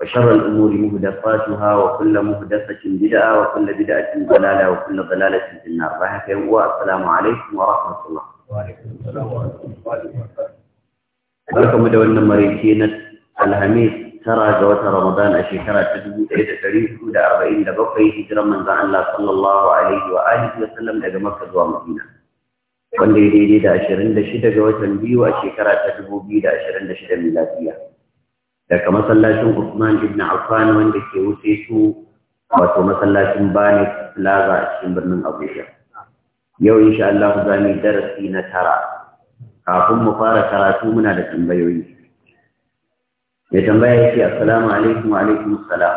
وشر الأمور مهدفاتها وكل مهدفة بدعة وكل بدعة ضلالة وكل ضلالة في النار بحك والسلام عليكم ورحمة الله وعليكم السلام ورحمة الله da wannan maraice na alhamis tara ga watan ramadan a shekara ta dubu ɗaya da ɗari hudu da arba'in da bakwai hijiran manzan Allah sallallahu alaihi wa alihi wa sallam daga makka zuwa madina wanda ya daidai da ashirin da shida ga watan biyu a shekara ta dubu biyu da ashirin da daga masallacin Usman ibn Affan wanda ke wuce su wato masallacin Bani Plaza a cikin birnin Abuja. Yau insha Allah za mu darasi na tara. Kafin mu fara karatu muna da tambayoyi. Ya tambaya yake assalamu alaikum wa alaikum assalam.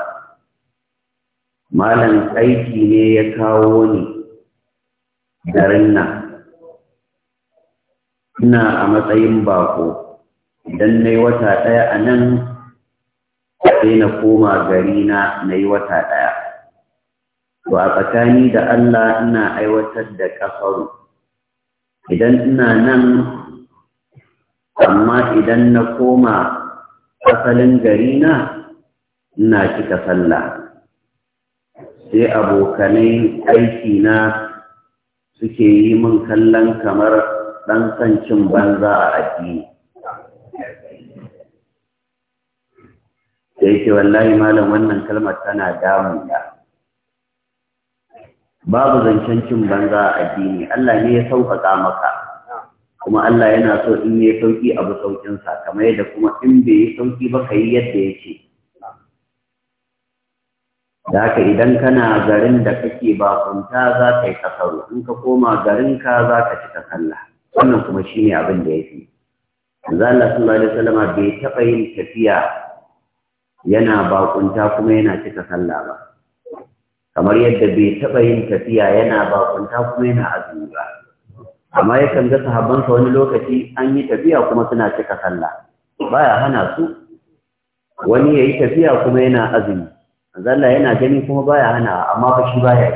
Malam aiki ne ya kawo ni garin nan. Ina a matsayin bako. Idan na wata ɗaya anan. sai na koma gari na na yi wata ɗaya. To a tsakani da Allah ina aiwatar da ƙafaru. Idan ina nan, amma idan na koma asalin garina ina cika sallah. Sai abokanai aiki na suke yi min kallon kamar ɗan cin banza a addini. da yake wallahi malam wannan kalmar tana damun da. babu zancen cin banza a addini Allah ne ya sauƙaƙa maka kuma Allah yana so in yi sauƙi abu sauƙinsa kamar yadda kuma in bai yi sauƙi ba ka yi yadda ya ce da haka idan kana garin da kake bakunta za ka yi kasaru in ka koma garinka za ka cika sallah wannan kuma shine abin da ya fi. Allah sallallahu alaihi bai taɓa yin tafiya yana bakunta kuma yana cika sallah ba kamar yadda bai taɓa yin tafiya yana bakunta kuma yana azumi ba amma yakan ga sahabbansa wani lokaci an yi tafiya kuma suna cika sallah baya hana su wani yayi tafiya kuma yana azumi zalla yana gani kuma baya hana amma ba shi baya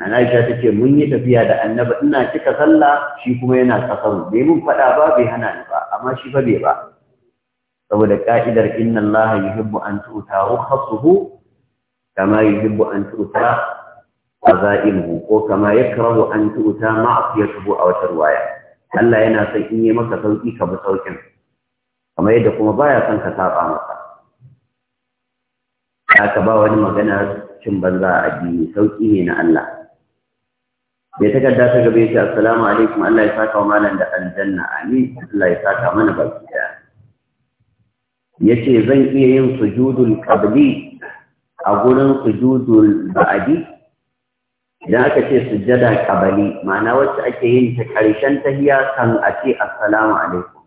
Ana Aisha ta ce mun yi tafiya da annabi ina cika sallah shi kuma yana kasaru bai mun faɗa ba bai hana ni ba amma shi fa bai ba saboda ka'idar inna allaha yuhibbu an tu'ta rukhasuhu kama yuhibbu an tu'ta azaimuhu ko kama yakrahu an tu'ta ma'siyatuhu a wata riwaya Allah yana son in yi maka sauki ka bi saukin kama yadda kuma baya son ka saba masa aka ba wani magana cin banza a addini sauki ne na Allah bai takarda ta gabe shi assalamu alaikum Allah ya saka wa malam da aljanna amin Allah ya saka mana baki daya Ya ce zan iya yin sujudul qabli a gurin sujudul ba'di idan aka ce sujjada qabli ma'ana wacce ake yin ta karshen tahiyya kan a ce assalamu alaikum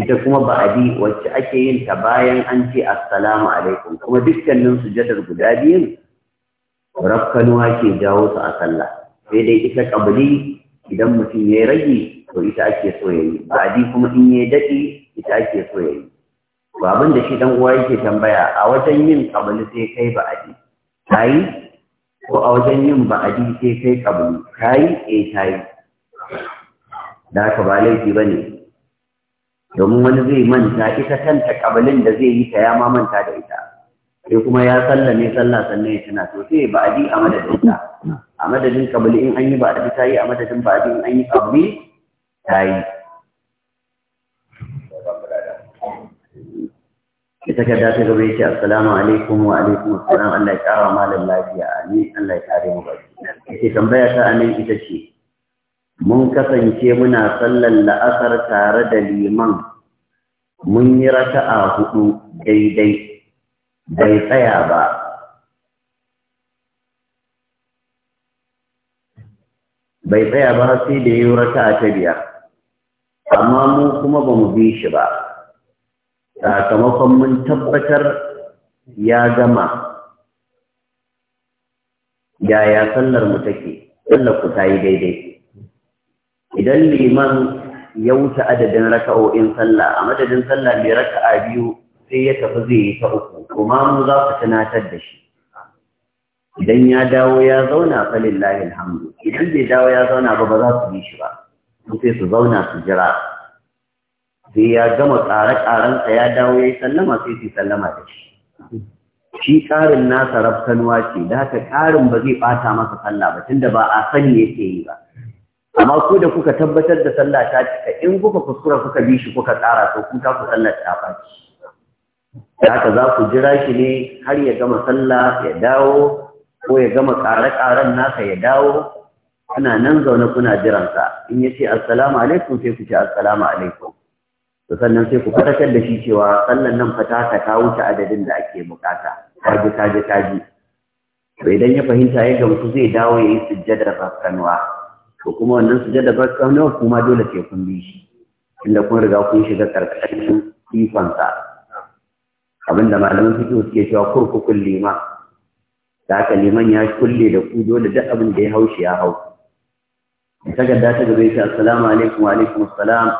ita kuma ba'di wacce ake yin ta bayan an ce assalamu alaikum kuma dukkanin sujjadar guda biyun rafkanuwa ke jawo su a sallah sai dai ita qabli idan mutum ya rage to ita ake so yayi ba'di kuma in ya dade ita ake so yayi ba abin da shi dan uwa yake tambaya a wajen yin kabuli sai kai ba aji tayi ko a wajen yin ba aji sai kai kabuli tayi eh tayi da ka ba laifi bane domin wani zai manta ita kanta kabulin da zai yi ta ya ma manta da ita sai kuma ya sallame sallah sannan ya tana to sai ba aji a madadin ta a madadin kabuli in an yi ba aji tayi a madadin ba aji in an yi kabuli tayi ya takarda ta gaba yake assalamu alaikum wa alaikum assalam Allah ya kara malam lafiya amin Allah ya kare mu baki yake tambaya ta anan ita ce mun kasance muna sallar la'asar tare da liman mun yi raka'a hudu daidai bai tsaya ba bai tsaya ba sai da yi raka'a ta biyar amma mu kuma ba mu bi shi ba sakamakon mun tabbatar ya gama yaya sallar mu take sallar ku ta yi daidai idan liman ya wuce adadin raka'o'in sallah a madadin sallah mai raka'a biyu sai ya tafi zai yi ta uku kuma mu za ku tunatar da shi idan ya dawo ya zauna falillahi alhamdu idan bai dawo ya zauna ba ba za su yi shi ba sai su zauna su jira da ya gama tsare-tsarensa ya dawo ya yi sallama sai su sallama da shi shi ƙarin nasa rafsanuwa ce da haka ƙarin ba zai ɓata masa sallah ba tunda ba a sani yake yi ba amma ku da kuka tabbatar da sallah ta cika in kuka kuskura kuka bi shi kuka tsara to ku ta ku sallah ta faci da haka za ku jira shi ne har ya gama sallah ya dawo ko ya gama ƙare-ƙaren nasa ya dawo ana nan zaune kuna jiransa in ya ce assalamu alaikum sai ku ce assalamu alaikum to sannan sai ku fatakar da shi cewa sallan nan fataka ta wuce adadin da ake bukata kaji kaji kaji to idan ya fahimta ya gamsu zai dawo ya yi sujjadar Baskanwa. to kuma wannan sujjadar Baskanwa kuma dole sai kun bi shi inda kun riga kun shiga karkashin ikonsa abinda malaman fiƙi suke cewa kurkukun liman da aka liman ya kulle da ku dole duk abin da ya haushi ya hau takarda ta gaba ya ce assalamu alaikum wa alaikum assalam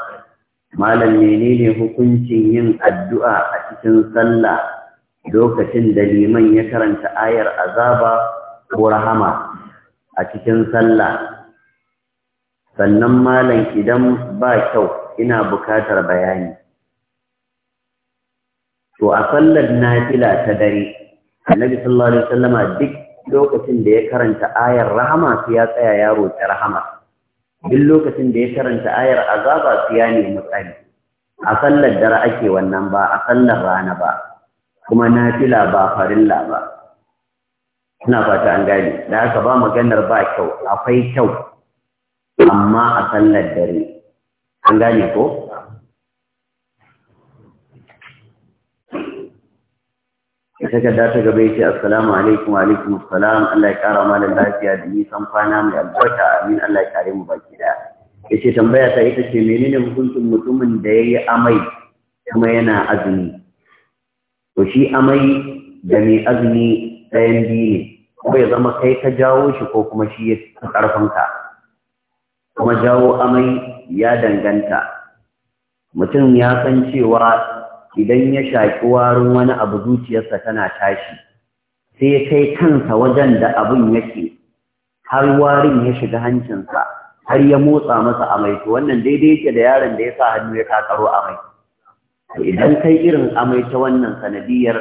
malam menene hukuncin yin addu'a a cikin sallah lokacin da liman ya karanta ayar azaba ko rahama a cikin sallah sannan malam idan ba kyau ina bukatar bayani to a sallar nafila ta dare annabi sallallahu alaihi wasallama duk lokacin da ya karanta ayar rahama sai ya tsaya yaro ta rahama duk lokacin da ya karanta ayar azaba su ya nemi tsari a sallar dare ake wannan ba a sallar rana ba kuma na fila ba farilla ba suna fata an gane da aka ba maganar ba kyau akwai kyau amma a sallar dare an gane ko takarda ta gaba ce assalamu alaikum wa alaikum assalam Allah ya kara malam lafiya da nisan kwana mai albarka amin Allah ya kare mu baki ɗaya. yace tambaya ta ita ce menene hukuncin mutumin da yayi amai kuma yana azumi to shi amai da mai azumi ɗayan biyu ne ko ya zama kai ka jawo shi ko kuma shi ya karfanka kuma jawo amai ya danganta mutum ya san cewa idan ya shaƙi warin wani abu zuciyarsa tana tashi sai ya kai kansa wajen da abin yake har warin ya shiga hancinsa har ya motsa masa amai to wannan daidai yake da yaron da ya sa hannu ya kakaro amai to idan kai irin amai ta wannan sanadiyar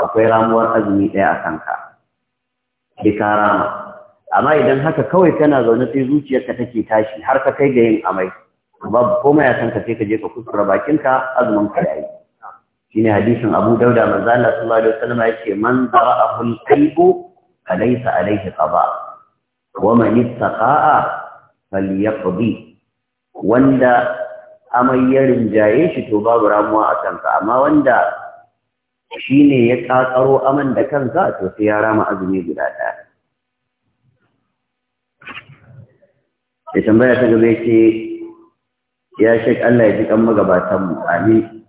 akwai ramuwar azumi ɗaya a kanka rama amma idan haka kawai kana zaune sai zuciyarka take tashi har ka kai ga yin amai babu komai a kanka sai ka je ka kuskura bakinka azumin ka yayi shine hadisin Abu Dauda manzo Allah sallallahu alaihi wasallam yake man zara'ahu al aybu alaysa alayhi qada wa man ittaqa'a falyaqdi wanda amai ya rinjaye shi to babu ramuwa a kanka amma wanda shine ya kakaro aman da kanka to sai ya rama azumi guda daya da tambaya ta gaba ce ya shek Allah ya ji kan magabatan mu amin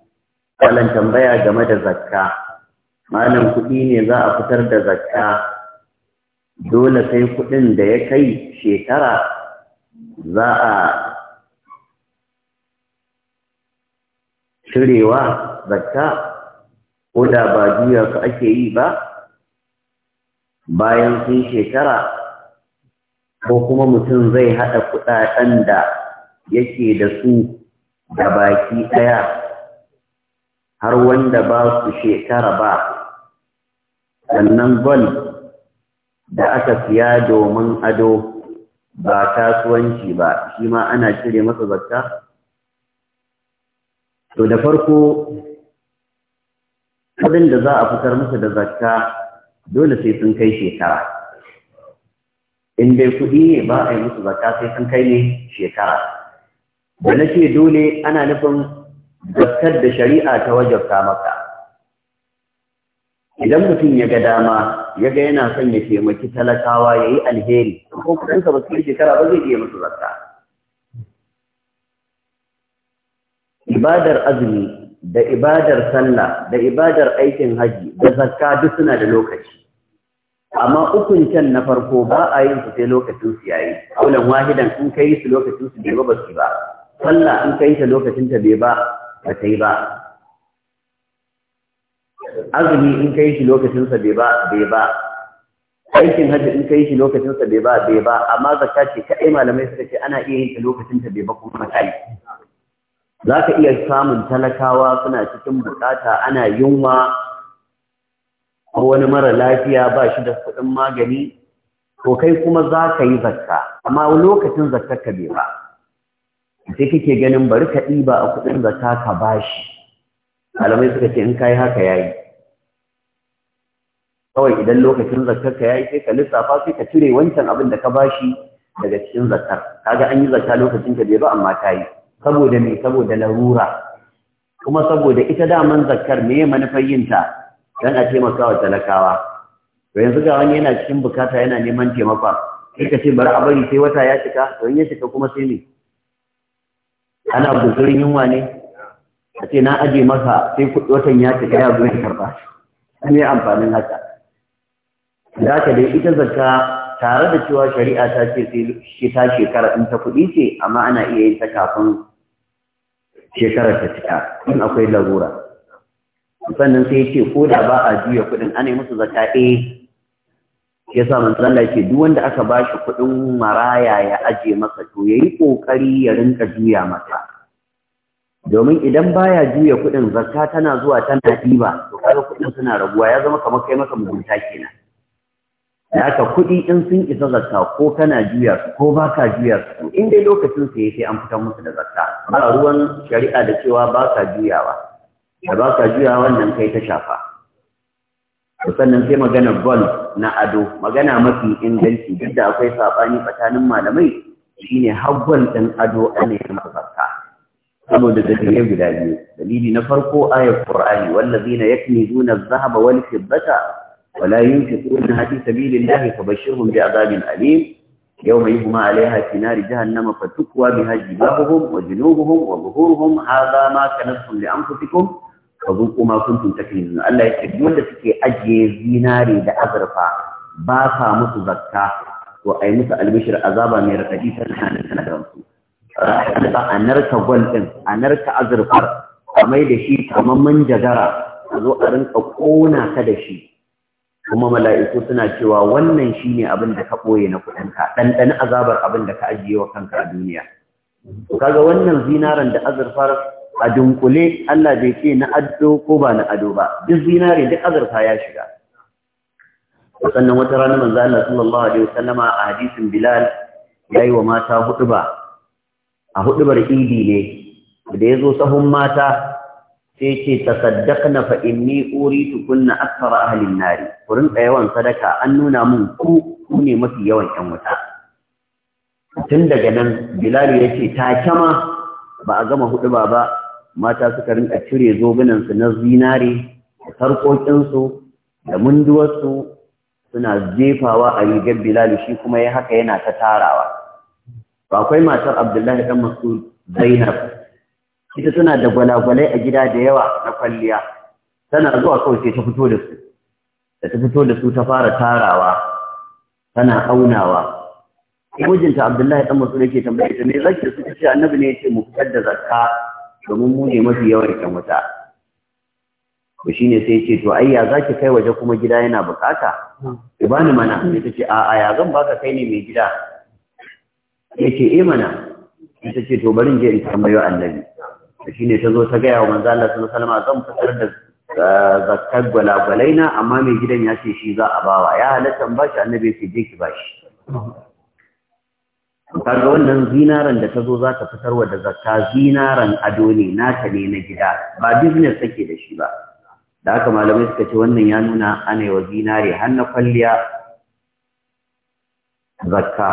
wannan tambaya game da zakka. Malam kuɗi ne za a fitar da zakka. Dole sai kuɗin da ya kai shekara za a cirewa zakka ko da ba juya su ake yi ba bayan sun shekara ko kuma mutum zai haɗa kuɗaɗen da yake da su da baki ɗaya har wanda ba su shekara ba sannan gol da aka siya domin ado ba kasuwanci ba shi ma ana cire masa zakka to da farko abin da za a fitar masa da zakka dole sai sun kai shekara in dai kuɗi ne ba a yi musu zakka sai sun kai ne shekara da na ce dole ana nufin zakkar da shari'a ta wajabta maka idan mutum ya ga dama ya ga yana son ya taimaki talakawa ya yi alheri ko kuɗinsa ba su yi shekara ba zai iya musu zakka ibadar azumi da ibadar sallah da ibadar aikin haji da zakka duk suna da lokaci amma ukun can na farko ba a yin su sai lokacin su yayi aulan wahidan in kai su lokacin su bai ba ba sallah in kai ta lokacin ta bai ba ba ta yi ba azumi in kai shi lokacinsa bai ba bai ba aikin hajji in kai shi lokacinsa bai ba bai ba amma zakka ce kaɗai malamai suka ce ana iya yin ta lokacinta bai ba kuma kai za ka iya samun talakawa suna cikin bukata ana yunwa ko wani mara lafiya ba shi da kuɗin magani to kai kuma za ka yi zakka amma lokacin zakkar bai ba sai kake ganin bari ka ɗiba a kuɗin zaka ka bashi malamai suka ce in kai haka yayi kawai idan lokacin zakar ka yayi sai ka lissafa sai ka cire wancan abin da ka bashi daga cikin zakar kaga an yi zakka lokacin ka bai ba amma ta yi saboda me saboda larura kuma saboda ita daman zakar me ya manufar yin ta dan a taimaka wa talakawa to yanzu ga wani yana cikin bukata yana neman taimaka sai ka ce bari a bari sai wata ya cika to in ya cika kuma sai ne ana gudurin yunwa ne a ce na aje maka sai kuɗi watan ya ce ya zuwa karɓa ne amfanin haka da ka dai ita zakka tare da cewa shari'a ta ce sai shi ta shekara in ta kuɗi ce amma ana iya yin ta kafin shekarar ta cika in akwai larura sannan sai ce ko da ba a juya kuɗin ana yi musu zakka eh yasa manzon Allah yake duk wanda aka ba shi kuɗin maraya ya aje masa to yi ƙoƙari ya rinka juya masa domin idan baya juya kuɗin zakka tana zuwa tana ɗiba to kaga kuɗin suna raguwa ya zama kamar kai maka mugunta kenan da aka kuɗi in sun isa zakka ko kana juya su ko ba ka juya su in dai lokacin su sai an fitar musu da zakka ba ruwan shari'a da cewa ba ka juyawa da ba ka juyawa wannan kai ta shafa sannan sai magana bal na ado magana mafi inganci duk da akwai saɓani tsakanin malamai shine haggwal ɗin ado ana yi masa saboda dalilai guda biyu dalili na farko ayar qur'ani wallazina yaknizuna adh-dhahaba wal fiddata wala yunfiquna fi sabilillahi fabashshirhum bi'adabin alim yawma yuhma 'alayha fi nari jahannama fatukwa biha jibahuhum wa junubuhum wa zuhuruhum hadha ma kanastum li anfusikum ka zo kuma kuntum taklimun Allah ya duk wanda suke ajiye zinare da azurfa ba sa musu zakka to ai musu albishir azaba mai radadi tana nan da musu a narka gwal din a narka azurfar a mai da shi kamar manjagara a zo a rinka kona ka da shi kuma mala'iku suna cewa wannan shine abin da ka ɓoye na kuɗinka ɗanɗana azabar abin da ka ajiye wa kanka a duniya kaga wannan zinaran da azurfar a dunkule Allah bai ce na ado ko ba na ado ba duk zinare duk azurfa ya shiga sannan wata ranar manzo Allah sallallahu alaihi wasallama a hadisin Bilal yayi wa mata hudba a huɗubar idi ne da yazo sahun mata sai ce tasaddaqna fa inni uritu kunna akthar ahli an-nar kurin yawan sadaka an nuna mun ku ku ne mafi yawan yan wuta tun daga nan Bilal ya ce ta kama ba a gama huɗuba ba mata suka rinka cire zobenansu na zinare da sarƙoƙinsu da munduwarsu suna jefawa a rigar bilal shi kuma ya haka yana ta tarawa ba akwai matar abdullahi dan masud zainab ita tana da gwalagwalai a gida da yawa na kwalliya tana zuwa kawai sai ta fito da su da ta fito da su ta fara tarawa tana aunawa mijinta abdullahi dan masud yake tambaye ta me zaki su ce annabi ne yace mu fitar da zakka domin mu ne mafi yawan ƴan wuta shi ne sai ce to ai ya ki kai waje kuma gida yana bukata ki bani mana sai ta ce a a ya zan baka kai ne mai gida ke eh mana sai ta ce to bari in je in tambayo annabi shi ne ta zo ta gaya wa manzo Allah sallallahu alaihi wasallam zan fitar da eh, zakkar gwalagwalai na amma mai gidan ya ce shi za a bawa ya halatta ba shi annabi sai je ki bashi kaga wannan zinaran da ta zo za ta fitarwa da zakka zinaran ado ne naka ne na gida ba business take da shi ba da haka malamai suka ce wannan ya nuna ana yawa zinare har na kwalliya zakka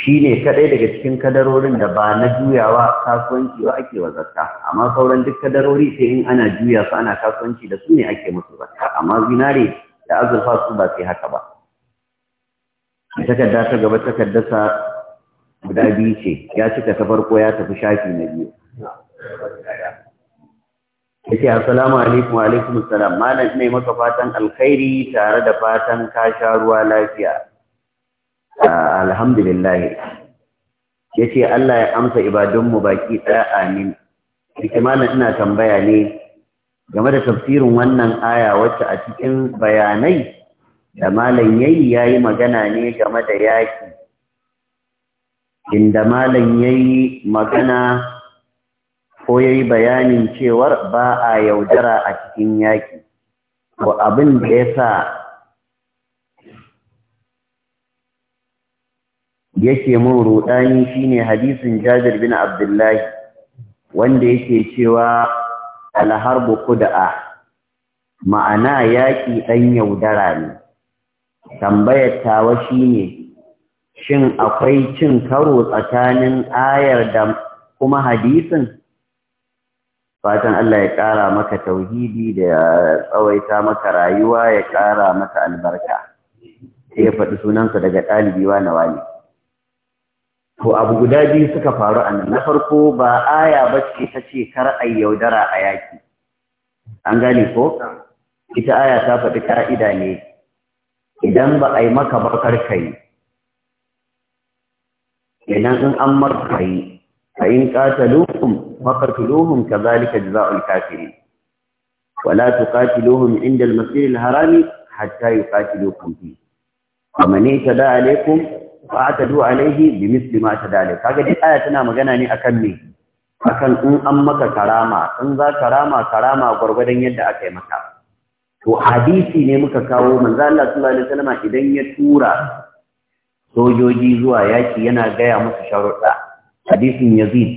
shi ne kaɗai daga cikin kadarorin da ba na juyawa kasuwanci ba ake wa zakka amma sauran duk kadarori sai in ana juya su ana kasuwanci da su ne ake musu zakka amma zinare da azurfa su ba sai haka ba takarda ta gaba takardarsa guda biyu ce ya cika ta farko ya tafi shafi na biyu ya ce assalamu alaikum alaikum salam' malam ne maka fatan alkhairi tare da fatan ka sha ruwa lafiya alhamdulillah ya ce Allah ya amsa ibadunmu baki ɗaya amin malam ina tambaya ne game da tafsirin wannan aya wacce a cikin bayanai da malam yayi yayi magana ne game da yaki inda malam yayi magana ko yayi bayanin cewar ba a yaudara a cikin yaki ko abin da yasa yake mun rudani shine hadisin Jabir bin Abdullah wanda yake cewa al-harbu qud'a ma'ana yaki dan yaudara ne tambayar tawa shine shin akwai cin karo tsakanin ayar da kuma hadisin fatan Allah ya kara maka tauhidi da ya tsawaita maka rayuwa ya ƙara maka albarka sai ya faɗi sunansa daga ɗalibi na wani to abu guda biyu suka faru a nan na farko ba aya ba ce ta ce kar a yaudara a yaki an gane ko ita aya ta faɗi ka'ida ne idan ba a yi maka ba karka yi idan in an maka yi fa in qataluhum faqatuluhum kadhalika jazaa'ul kafirin wala tuqatiluhum 'inda al-masjid al-haram hatta yuqatilukum fi faman ta alaykum fa'tadu alayhi bimithli ma tada alaykum kaga duk aya tana magana ne akan me akan in an maka karama in za karama karama gwargwadon yadda aka yi maka to hadisi ne muka kawo manzo Allah sallallahu alaihi wasallam idan ya tura sojoji zuwa yaki yana gaya musu sharuɗa hadisin Yazid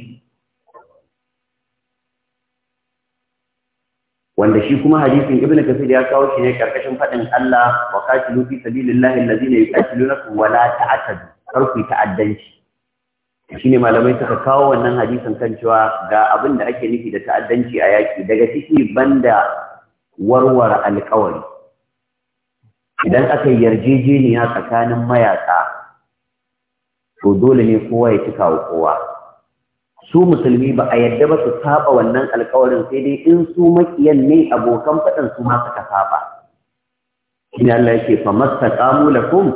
wanda shi kuma hadisin Ibn Kathir ya kawo shi ne karkashin fadin Allah wa qatilu fi sabilillahi alladhina yuqatilunakum wa la ta'tadu kar ta'addanci shine malamai suka kawo wannan hadisin kan cewa ga abin da ake nufi da ta'addanci a yaki daga ciki banda warware alkawari idan aka yarjejeniya tsakanin mayaka to dole ne kowa ya cika wa kowa su musulmi ba a yadda ba su saba wannan alkawarin sai dai in su makiyan ne abokan faɗan su ma suka saba ina Allah yake fa mastaqamu lakum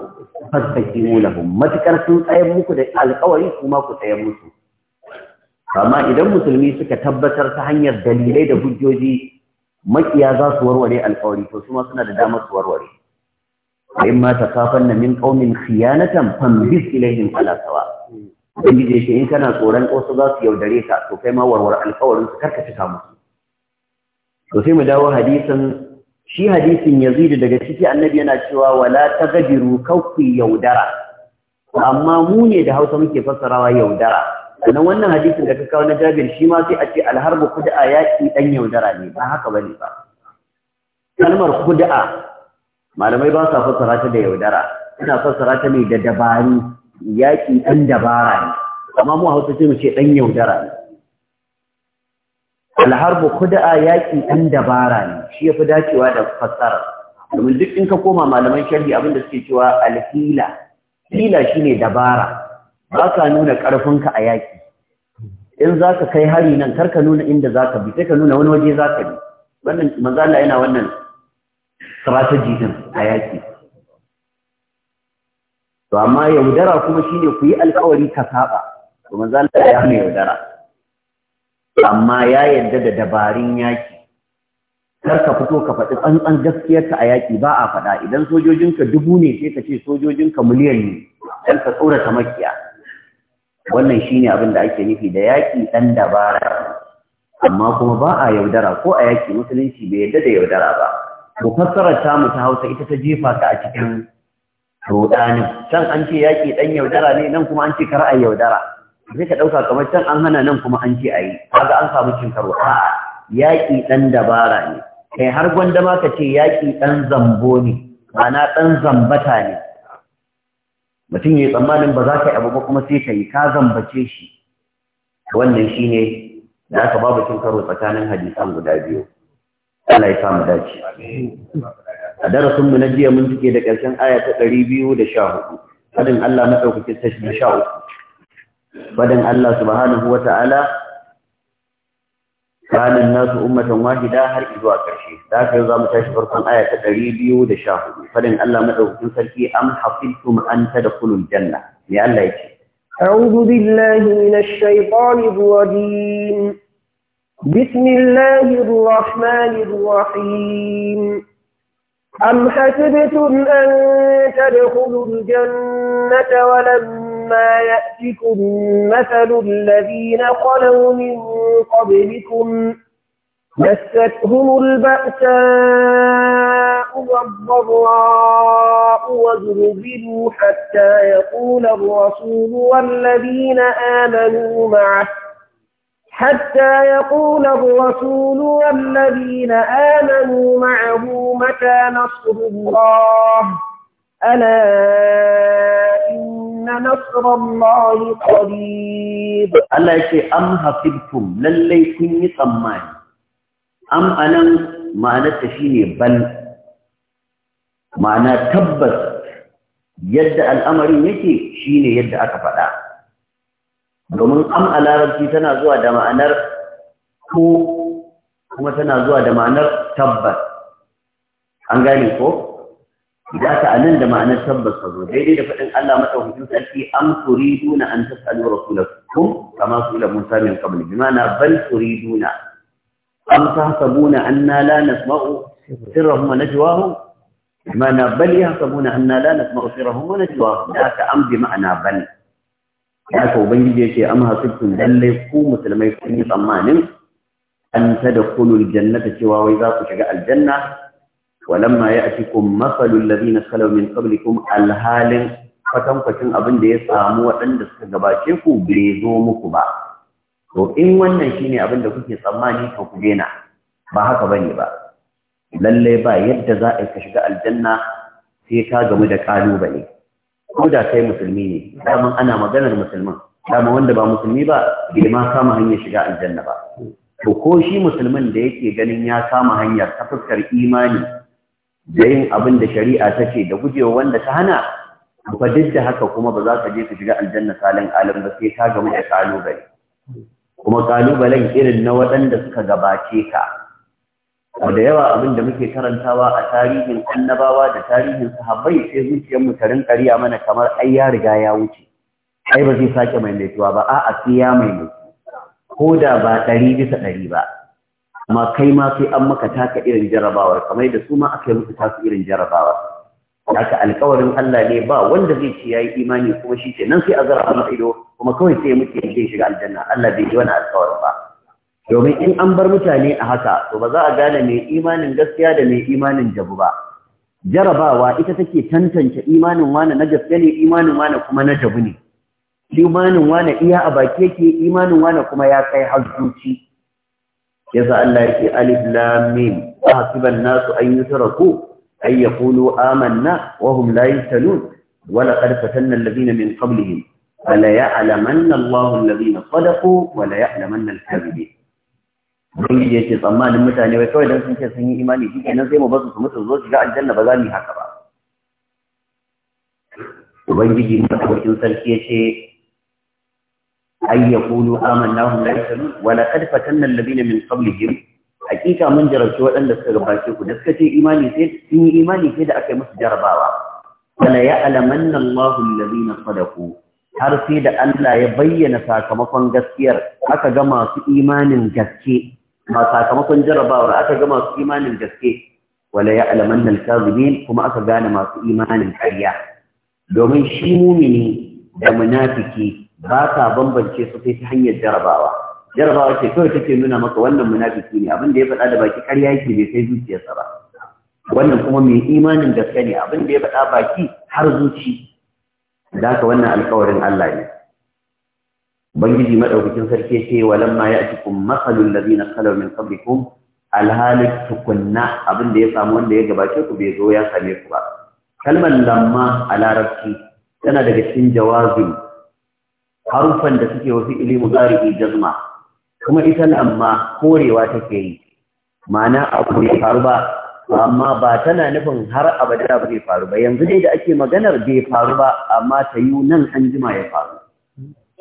fastaqimu lahum matakar sun tsayar muku da alkawari kuma ku tsaya musu amma idan musulmi suka tabbatar ta hanyar dalilai da hujjoji makiya za su warware alkawari to su ma suna da damar su warware ma ta kafan na min qaumin khiyanatan bis ilaihim ala sawa ubangiji ce in kana tsoron wasu za su yaudare ka to kai ma warware alkawarin su karka cika musu to sai mu dawo hadisin shi hadisin Yazidu daga ciki annabi yana cewa wala tagadiru kawfi yaudara amma mu ne da Hausa muke fassarawa yaudara sannan wannan hadisin da ka kawo na jabir shi ma sai a ce alharbu kuda'a yaƙi ɗan yaudara ne ba haka ba ne ba kalmar kuda'a malamai ba sa fassara ta da yaudara suna fassara ta ne da dabaru yaƙi ɗan dabara ne amma mu hausa sai mu ce ɗan yaudara ne alharbu kuda'a yaƙi ɗan dabara ne shi ya fi dacewa da fassara domin duk in ka koma malaman sharhi abin da suke cewa alhila hila shine dabara ba ka nuna ƙarfinka a yaƙi in za ka kai hari nan kar ka nuna inda za ka bi sai ka nuna wani waje za ka bi wannan manzala yana wannan strategy din a yaƙi to amma yaudara kuma shine ku yi alƙawari ka saba to manzala ya hana yaudara amma ya yarda da dabarun yaƙi kar ka fito ka faɗi tsantsan gaskiyarka a yaƙi ba a faɗa idan sojojinka dubu ne sai ka ce sojojinka miliyan ne dan ka tsorata makiya wannan shine abin da ake nufi da yaƙi ɗan dabara amma kuma ba a yaudara ko a yaƙi musulunci bai yadda da yaudara ba ko fassarar ta mu ta hausa ita ta jefa ka a cikin rudanin can an ce yaƙi ɗan yaudara ne nan kuma an ce kar a yaudara sai ka ɗauka kamar can an hana nan kuma an ce a yi kaga an samu cin karo a'a yaƙi ɗan dabara ne kai har gwanda ma ka ce yaƙi ɗan zambo ne ma'ana ɗan zambata ne mutum ya yi tsammanin ba za ka yi abu ba kuma sai ka yi ka zambace shi wannan shi ne da aka ba cin karo tsakanin hadisan guda biyu Allah ya samu dace a darasin mu na jiya mun cike da ƙarshen aya ta ɗari biyu da sha hudu fadin Allah maɗaukakin tashi da sha uku fadin Allah subhanahu wa ta'ala kanin nasu ummatan wahida har zuwa ƙarshe da haka yau za mu tashi farkon aya ta ɗari biyu da sha hudu fadin Allah madaukakin sarki am hafiztum an tadkhulul janna me Allah yake أعوذ بالله من الشيطان الرجيم بسم الله الرحمن الرحيم أم حسبتم أن تدخلوا الجنة ولما ما يأتكم مثل الذين خلوا من قبلكم مستهم البأساء والضراء وزلزلوا حتى يقول الرسول والذين آمنوا معه حتى يقول الرسول والذين آمنوا معه متى نصر الله ألا نصر الله قريب الله lallai kun yi للي كن يطمان أم أنا معنى تشيني بل معنى تبت يد الأمر يكي yadda يد أكفلا domin am a tana zuwa da ma'anar ko kuma tana zuwa da ma'anar tabbas an gane ko za ta anan da ma'anar tabbas ka zo daidai da faɗin Allah madaukakin sarki am turiduna an tasalu rasulakum kama su ila Musa min qabl bi ma'ana bal turiduna am tahsabuna anna la nasma'u sirrahum wa najwahum bi ma'ana bal yahsabuna anna la nasma'u sirrahum wa najwahum da ka am bi ma'ana bal ya ka ubangiji yake am hasibtum lalle ku musulmai kun yi tsammanin an tadkhulul jannata cewa wai za ku shiga aljanna walamma ya masalul ladina na Salomin qablikum alhalin kwatankwacin abin da ya samu waɗanda suka gabace ku bai zo muku ba to in wannan shine abin da kuke tsammani to ku daina ba haka bane ba lallai ba yadda za a ka shiga aljanna sai ka gamu da ƙalubale. ko da kai musulmi ne daman ana maganar musulmin dama wanda ba musulmi ba bai ma kama hanyar shiga aljanna ba to ko shi musulmin da yake ganin ya kama hanyar ta fuskar imani da yin abin da shari'a ta ce da gujewa wanda ta hana ba duk da haka kuma ba za ka je ka shiga aljanna salin alam ba sai ka gama da kalubale kuma kalubalen irin na waɗanda suka gabace ka da yawa abin da muke karantawa a tarihin annabawa da tarihin sahabbai sai zuciyar mu ta rinka riya mana kamar ai ya riga ya wuce ai ba zai sake maimaituwa ba a'a sai ya maimaitu ko da ba ɗari bisa ɗari ba amma kai ma sai an maka taka irin jarabawar kamar da su ma aka yi musu tasu irin jarabawar haka alkawarin Allah ne ba wanda zai ce yayi imani kuma shi ce nan sai a zara masa ido kuma kawai sai muke zai shiga aljanna Allah bai yi wani alkawarin ba domin in an bar mutane a haka to ba za a gane mai imanin gaskiya da mai imanin jabu ba jarabawa ita take tantance imanin wani na gaskiya ne imanin wani kuma na jabu ne imanin wani iya a baki yake imanin wani kuma ya kai har zuci sa Allah ya ce alif lam mim ahsiban nasu an yutraku ay yaqulu amanna wa hum la yaftanun wa laqad fatanna alladhina min qablihim fala ya'lamanna Allahu alladhina sadaqu wa la ya'lamanna al-kadhibin Ubangiji ya ce tsammanin mutane wai kawai da sun ce sun yi imani shi kenan sai mu basu su mutu zo shiga aljanna ba za mu yi haka ba. Ubangiji mutum sarki yace ce ay yaqulu amanna hum la yaftanun wa laqad fatanna alladhina min qablihim hakika mun jarabci waɗanda suka gabace ku da suka ce imani sai sun yi da aka yi musu jarabawa wala ya'lamanna Allahu alladhina sadaqu har sai da Allah ya bayyana sakamakon gaskiyar aka ga masu imanin gaske ma sakamakon jarabawar aka ga masu imanin gaske wala kuma aka gane masu imanin karya. domin shi mumini da munafiki ba ka bambance su sai ta hanyar jarabawa jarabawa ce kawai take nuna maka wannan munafiki ne abin da ya faɗa da baki ƙarya yake bai sai zuciyarsa ba wannan kuma mai imanin gaske ne abin da ya faɗa baki har zuci da ka wannan alƙawarin Allah ne Ubangiji madaukakin sarki ce walamma ya'tikum masalul ladina khalaw min qablikum alhalik tukunna abin da ya samu wanda ya gabace ku bai zo ya same ku ba kalmar lamma a larabci tana daga cikin jawazin harufan da suke wasu ili mudari jazma kuma ita ma korewa take yi ma'ana abu bai faru ba amma ba tana nufin har abada ba zai faru ba yanzu dai da ake maganar bai faru ba amma ta yi nan an jima ya faru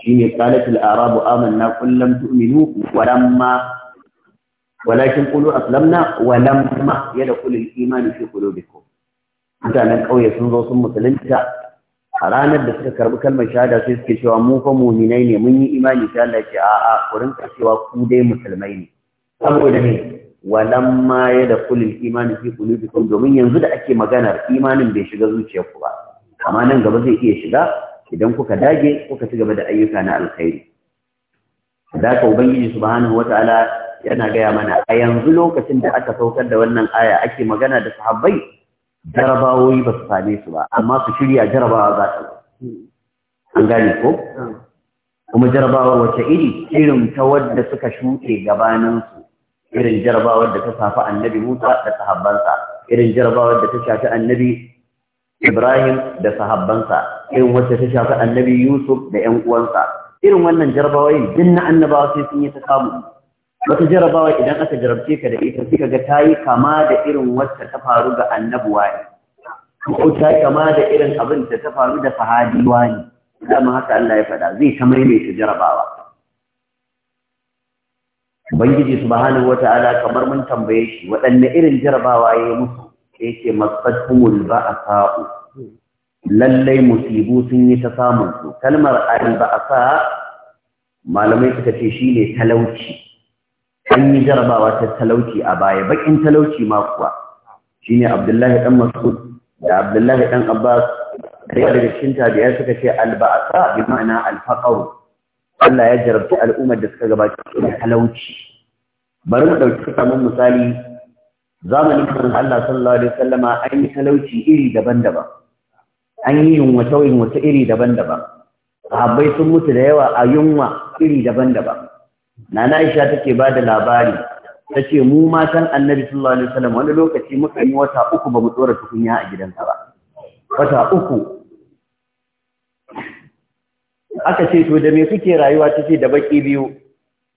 Shi shine qalatul arabu amanna kullum tu'minu walamma ولكن قولوا أسلمنا ولما يدخل imani في قلوبكم mutanen ƙauye sun zo sun musulunta a ranar da suka karbi kalmar shahada sai suke cewa mu fa mu'minai ne mun yi imani sai Allah ce a a ku rinka cewa ku dai musulmai ne saboda ne ya da al imani fi qulubikum domin yanzu da ake maganar imanin bai shiga zuciyarku ba amma nan gaba zai iya shiga idan kuka dage kuka ci gaba da ayyuka na alkhairi da ka ubangiji subhanahu wataala yana gaya mana a yanzu lokacin da aka saukar da wannan aya ake magana da sahabbai jarabawoyi ba su same su ba amma su shirya jarabawa za ta an gane ko kuma jarabawar wace iri irin ta wadda suka shuke gabaninsu irin jarabawar da ta safi annabi musa da sahabbansa irin jarabawar da ta shafi annabi ibrahim da sahabbansa irin wacce ta shafi annabi yusuf da ƴan uwansa irin wannan jarabawar duk na annabawa sai sun yi ta kamu. wata jarabawa idan aka jarabce ka da ita suka ga ta yi kama da irin wacce ta faru ga annabuwa ne ko ta yi kama da irin abin da ta faru da fahadiwa ne dama haka Allah ya faɗa zai ta maimaita jarabawa Ubangiji subhanahu ala kamar mun tambaye shi waɗanne irin jarabawa ya yi musu yake matsattumul ba'asa'u lallai musibu sun yi ta samun su kalmar al ba'asa malamai suka ce shine talauci an yi jarabawa ta talauci a baya bakin talauci ma Shi ne Abdullahi dan Mas'ud da Abdullahi ɗan Abbas da daga cikin tabiya suka ce al-ba'sa bi ma'ana al Allah ya jarabta al'ummar da suka gabata da talauci bari mu dauki kamar misali zamanin manzon Allah sallallahu alaihi wasallama an yi talauci iri daban-daban an yi yunwa yunwa iri daban-daban sahabbai sun mutu da yawa a yunwa iri daban-daban nana aisha take ba da labari ta ce mu san annabi sallallahu alaihi wasallam wani lokaci muka yi wata uku ba mu dora tukunya a gidansa ba wata uku aka ce to da me kuke rayuwa ta ce da baki biyu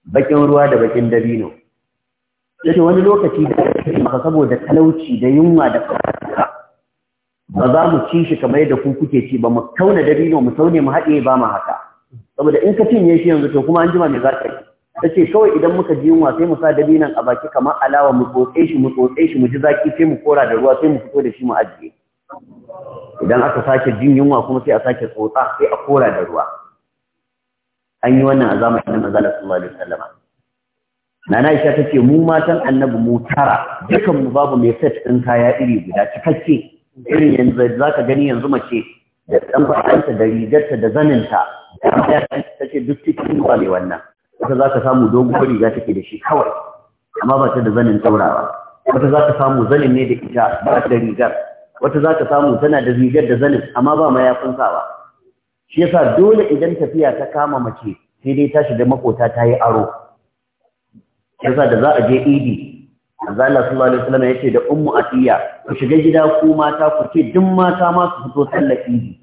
bakin ruwa da bakin dabino ta ce wani lokaci da maka saboda talauci da yunwa da ba za mu ci shi kamar yadda ku kuke ci ba mu tauna dabino mu taune mu haɗe ba mu haka saboda in ka cinye shi yanzu to kuma an jima me za ka yi ta ce kawai idan muka ji yunwa sai mu sa dabinan a baki kamar alawa mu tsotse shi mu tsotse shi mu ji zaki sai mu kora da ruwa sai mu fito da shi mu ajiye idan aka sake jin yunwa kuma sai a sake tsotsa sai a kora da ruwa an yi wannan a zamanin manzo Allah sallallahu alaihi wasallam Nana Aisha ta ce mu matan annabi mu tara dukan mu babu mai set din kaya iri guda cikakke irin yanzu zaka gani yanzu mace da ɗan fa'anta da rigarta da zaninta ta ce duk cikin kwale wannan wata za ka samu doguwar riga take da shi kawai amma ba ta da zanin taurawa wata za ka samu zanin ne da ita ba ta da rigar wata za ka samu tana da rigar da zanin amma ba mayafin sawa shi yasa dole idan tafiya ta kama mace sai dai ta shiga makota ta yi aro yasa da za a je idi Allah sallallahu alaihi wasallam yace da ummu atiya ku shiga gida ku mata ku ce duk mata ma su fito sallar idi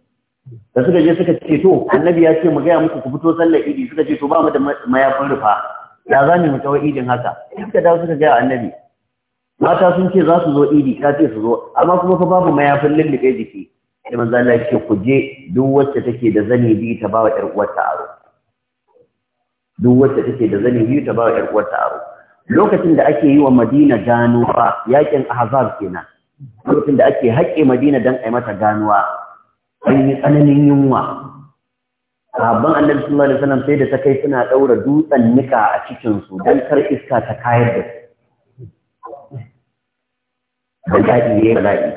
da suka je suka ce to annabi ya ce mu gaya muku ku fito sallar idi suka ce to ba mu da mayafin rufa ya za mu tawo idin haka suka dawo suka gaya annabi mata sun ce za su zo idi ta ce su zo amma kuma fa babu mayafin lullube jiki sai manzo Allah ya ce ku je duk wacce take da zani biyu ta bawa ƴar uwarta aro duk wacce take da zani bi ta bawa ƴar uwarta aro lokacin da ake yi wa Madina ganuwa yakin Ahzab kenan lokacin da ake haƙe Madina dan ai mata ganuwa an yi tsananin yunwa sahabban annabi sallallahu alaihi wasallam sai da ta kai suna daura dutsen nika a cikin su dan kar iska ta kayar da su ne ya daɗi.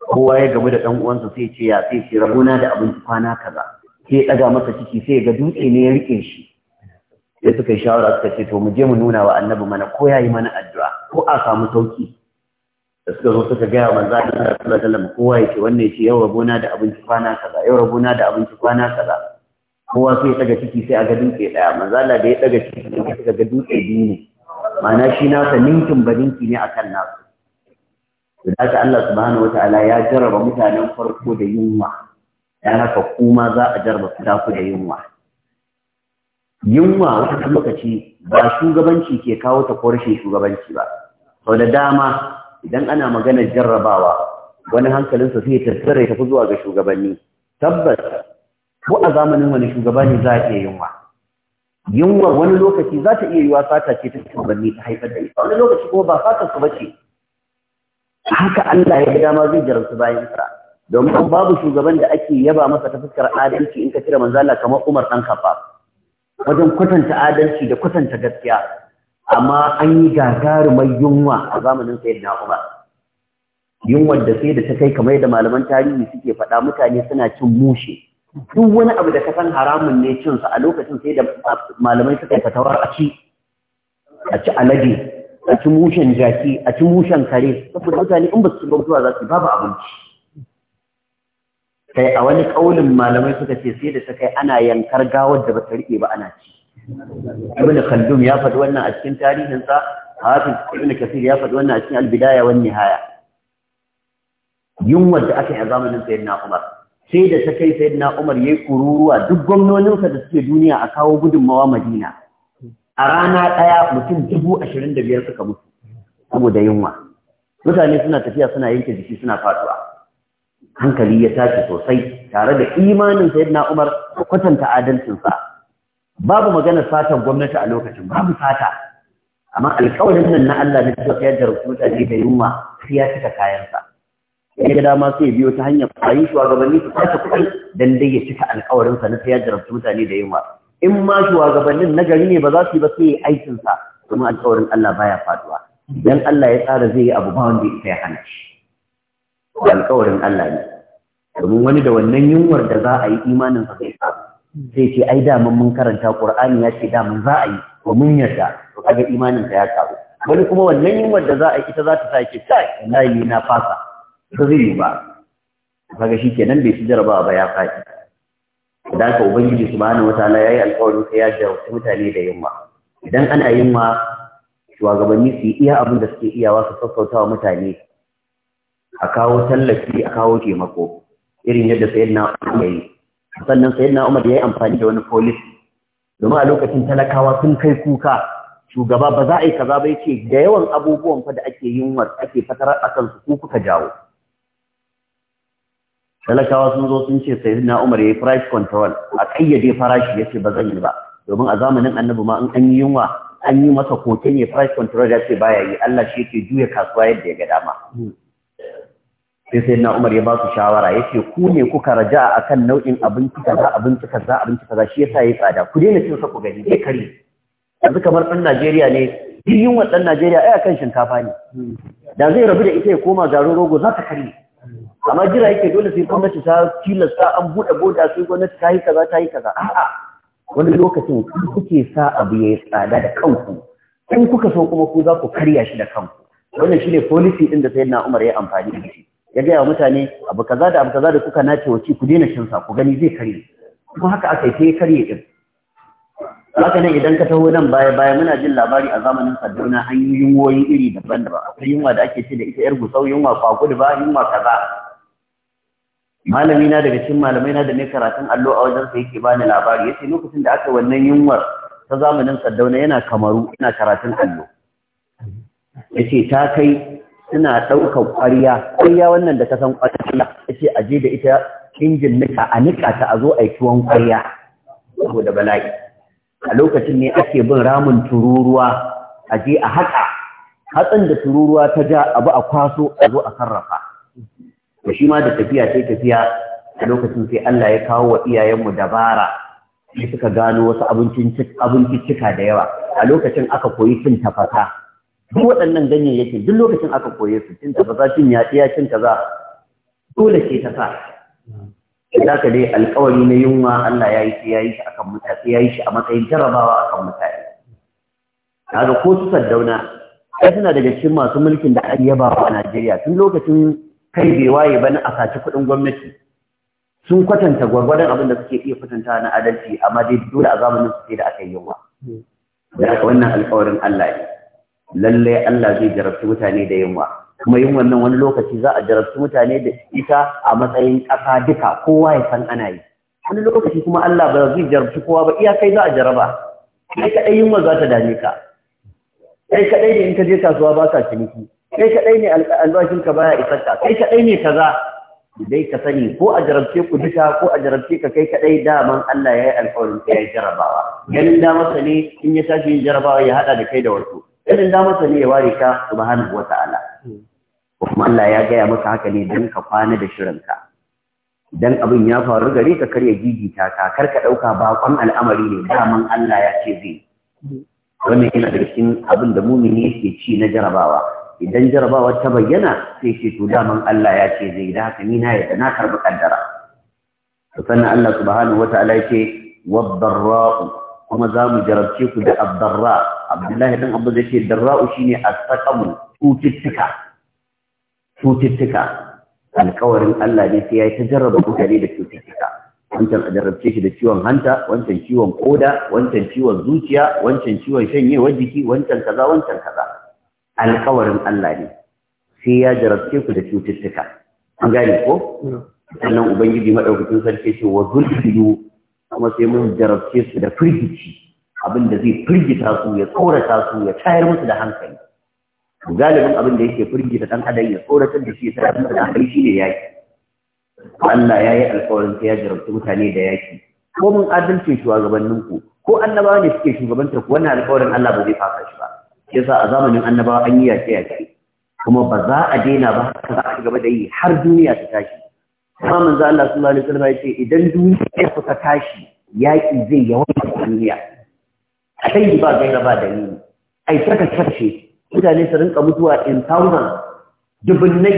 kowa ya gamu da dan uwansa sai ce ya sai ce rabuna da abinci kwana kaza sai daga masa ciki sai ga dutse ne ya rike shi sai suka yi shawara suka ce to mu je mu nuna wa annabi mana ko ya yi mana addu'a ko a samu sauki da suka zo suka gaya manzo Allah sallallahu alaihi wasallam kowa yake wannan yace yau rabona da abinci kwana kaza yau rabona da abinci kwana kaza kowa sai ya daga ciki sai a ga dutse daya manzo Allah da ya daga ciki sai ya ga dutse biyu ne ma'ana shi nasa ninkin barinki ne akan nasu to da ka Allah subhanahu wataala ya jarraba mutanen farko da yunwa dan haka kuma za a jarraba su da yunwa yunwa wata lokaci ba shugabanci ke kawo ta ko shugabanci ba sau da dama idan ana maganar jarrabawa wani hankalinsa sai ya tattare tafi zuwa ga shugabanni tabbas ko a zamanin wani shugaba ne za a iya yunwa wani lokaci za ta iya yiwa fata ce ta shugabanni ta haifar da ita wani lokaci kuma ba fatar su bace haka Allah ya ga dama zai jarabta bayan sa domin babu shugaban da ake yaba masa ta fuskar adalci in ka cire manzala kamar Umar dan Khattab wajen kwatanta adalci da kwatanta gaskiya amma an yi gagarumar yunwa a zamanin sayar da umar yunwar da sai da ta kai kamar da malaman tarihi suke faɗa mutane suna cin mushe duk wani abu da ka san haramun ne cin sa a lokacin sai da malamai suka fatawar a ci a ci alade a ci mushen jaki a ci mushen kare saboda mutane in ba su mutuwa za su babu abinci kai a wani kaulin malamai suka ce sai da ta kai ana yankar gawar da ba ta riƙe ba ana ci ibn ya faɗi kasir ya faɗi wannan a cikin nihaya yunwar da aka yi a zamanin sayyidina umar sai da ta kai sayyidina umar yayi kururuwa duk gwamnoninsa da suke duniya a kawo gudunmawa madina a rana ɗaya mutum dubu ashirin da biyar suka mutu saboda yunwa mutane suna tafiya suna yanke jiki suna faduwa hankali ya tashi sosai tare da imanin sayyidina umar kwatanta adalcinsa babu magana satan gwamnati a lokacin babu sata amma alƙawarin nan na Allah ne cewa ya jarabtu mutane da yunwa sai ya cika kayansa ya ga dama sai biyo ta hanyar kwayi shugabanni su kwace kuɗi dan dai ya cika alƙawarin sa na sai ya jarabtu mutane da yunwa in ma shugabannin na gari ne ba za su yi ba sai ya aikin sa kuma alƙawarin Allah baya faduwa dan Allah ya tsara zai yi abu ba wanda ya hana shi alƙawarin Allah ne domin wani da wannan yunwar da za a yi imanin sa zai samu zai ce ai daman mun karanta Qur'ani ya ce daman za a yi to mun yarda to kaga imanin ka ya karu wani kuma wannan yin da za a ita za ta sa ke kai wallahi na fasa ba zai yi ba kaga shikenan bai ci jarabawa ba ya faɗi da ka ubangiji subhanahu wataala yayi alƙawarin sai ya jarabta mutane da yunwa idan ana yunwa shugabanni su iya abin da suke iyawa su sassauta wa mutane a kawo tallafi a kawo taimako irin yadda sayyidina ya yi sannan na Umar ya yi amfani da wani polis domin a lokacin talakawa sun kai kuka shugaba ba za a yi kaza bai ce, da yawan abubuwan fa da ake wa ake a kan su kuka jawo talakawa sun zo sun ce na Umar ya yi price control a kayyade farashi ya ce ba zan yi ba domin a zamanin Annabi ma in an yi yunwa an yi masa koke ne price control ya ce baya yi Allah shi yake juya kasuwa yadda ya ga dama sai sai na umar ya ba su shawara ya ce ku ne kuka raja a kan nau'in abinci kaza abinci kaza abinci za shi yasa ya tsada ku daina cin sa ku gani zai kare yanzu kamar ɗan najeriya ne duk yin ɗan najeriya ai kan shinkafa ne da zai rabu da ita ya koma garin rogo za ta kare amma jira yake dole sai gwamnati ta tilasta an buɗe boda sai gwamnati ta yi kaza ta yi kaza a'a wani lokacin kuke sa abu ya tsada da kanku in kuka so kuma ku za ku karya shi da kanku wannan shine policy din da sai Umar ya amfani da shi ya gaya wa mutane abu kaza da abu kaza da kuka nace wa wace ku daina shan sa ku gani zai karye kuma haka aka yi sai karye din haka nan idan ka taho nan baya baya muna jin labari a zamanin Kaduna hanyoyin woyin iri daban-daban akwai yunwa da ake ce da ita yar gusau yunwa kwakudu ba yunwa kaza malami na daga cikin malamai na da ne karatun allo a wajen sa yake bani labari yace lokacin da aka wannan yunwar ta zamanin Kaduna yana kamaru yana karatun allo yace ta kai suna ɗaukar ƙwarya ƙwariya wannan da ka san ƙwarya ce a da ita injin nika a nika ta a zo a yi tuwon ƙwarya da bala'i a lokacin ne ake bin ramin tururuwa a je a haka hatsin da tururuwa ta ja abu a kwaso a zo a sarrafa to shi ma da tafiya sai tafiya a lokacin sai Allah ya kawo wa iyayenmu dabara sai suka gano wasu abincin cika da yawa a lokacin aka koyi cin tafasa duk waɗannan ganyayyakin duk lokacin aka koye su cin za cin ya cin za, dole ce ta sa Ya ka dai alkawari na yunwa Allah ya yi shi ya yi shi akan mutane ya yi shi a matsayin jarabawa akan mutane ga ko su sardauna ai suna daga cikin masu mulkin da an yaba a Najeriya tun lokacin kai bai waye ba na a saci kuɗin gwamnati sun kwatanta gwargwadon abin da suke iya kwatanta na adalci amma dai dole a zamanin su sai da aka yi yunwa da wannan alkawarin Allah ne Lallai Allah zai jarabci mutane da yunwa kuma yin wannan wani lokaci za a jarabci mutane da ita a matsayin ƙasa duka kowa ya san ana yi wani lokaci kuma Allah ba zai jarabci kowa ba iya kai za a jaraba kai kadai yunwa za ta dame ka kai kadai ne in ka je kasuwa ba ka ciniki kai kadai ne ka baya isar ka kai kadai ne kaza dai ka sani ko a jarabce ku duka ko a jarabce ka kai kadai daman Allah ya yi alƙawarin ya jarabawa ganin da masa ne in ya tashi yin jarabawa ya hada da kai da wasu irin damarsa ne ya ware ka subhanahu wata'ala kuma Allah ya gaya maka haka ne don ka kwana da shirinka don abin ya faru gare ka karya gigita ka kar ka ɗauka bakon al'amari ne daman Allah ya ce zai wannan yana da cikin abin da mumini yake ci na jarabawa idan jarabawa ta bayyana sai ce to daman Allah ya ce zai da haka ni na yadda na karɓi kaddara to sannan Allah subhanahu wata'ala ya ce wadarra'u kuma za mu jarabce ku da abdarra abdullahi dan abu zai ce darra'u shine as-saqamu cututtuka cututtuka alƙawarin Allah ne sai ya yi ta jarraba mutane da cututtuka wancan a shi da ciwon hanta wancan ciwon koda wancan ciwon zuciya wancan ciwon shanyewar jiki wancan kaza wancan kaza alƙawarin Allah ne sai ya jarabce ku da cututtuka an gane ko mm. sannan ubangiji madaukakin sarki ce wa zulfiyu kuma sai mun jarabce su da firgici abin da zai firgita su ya tsorata su ya tayar musu da hankali galibin abin da yake firgita dan adam ya tsoratar da shi ya tayar musu da hankali shine yaki Allah ya yi alkawarin ta ya jarabci mutane da yaki ko mun adalci shugabannin ku ko annabawa ne suke shugabantar ku wannan alkawarin Allah ba zai fasa shi ba yasa a zamanin annabawa an yi yaƙe yaƙe kuma ba za a daina ba haka za a ci gaba da yi har duniya ta tashi kuma manzo Allah sallallahu alaihi wasallam yace idan duniya ya suka tashi yaki zai yawaita duniya a kai ba gaira ba ni ai saka kace mutane su rinka mutuwa in thousand dubunnai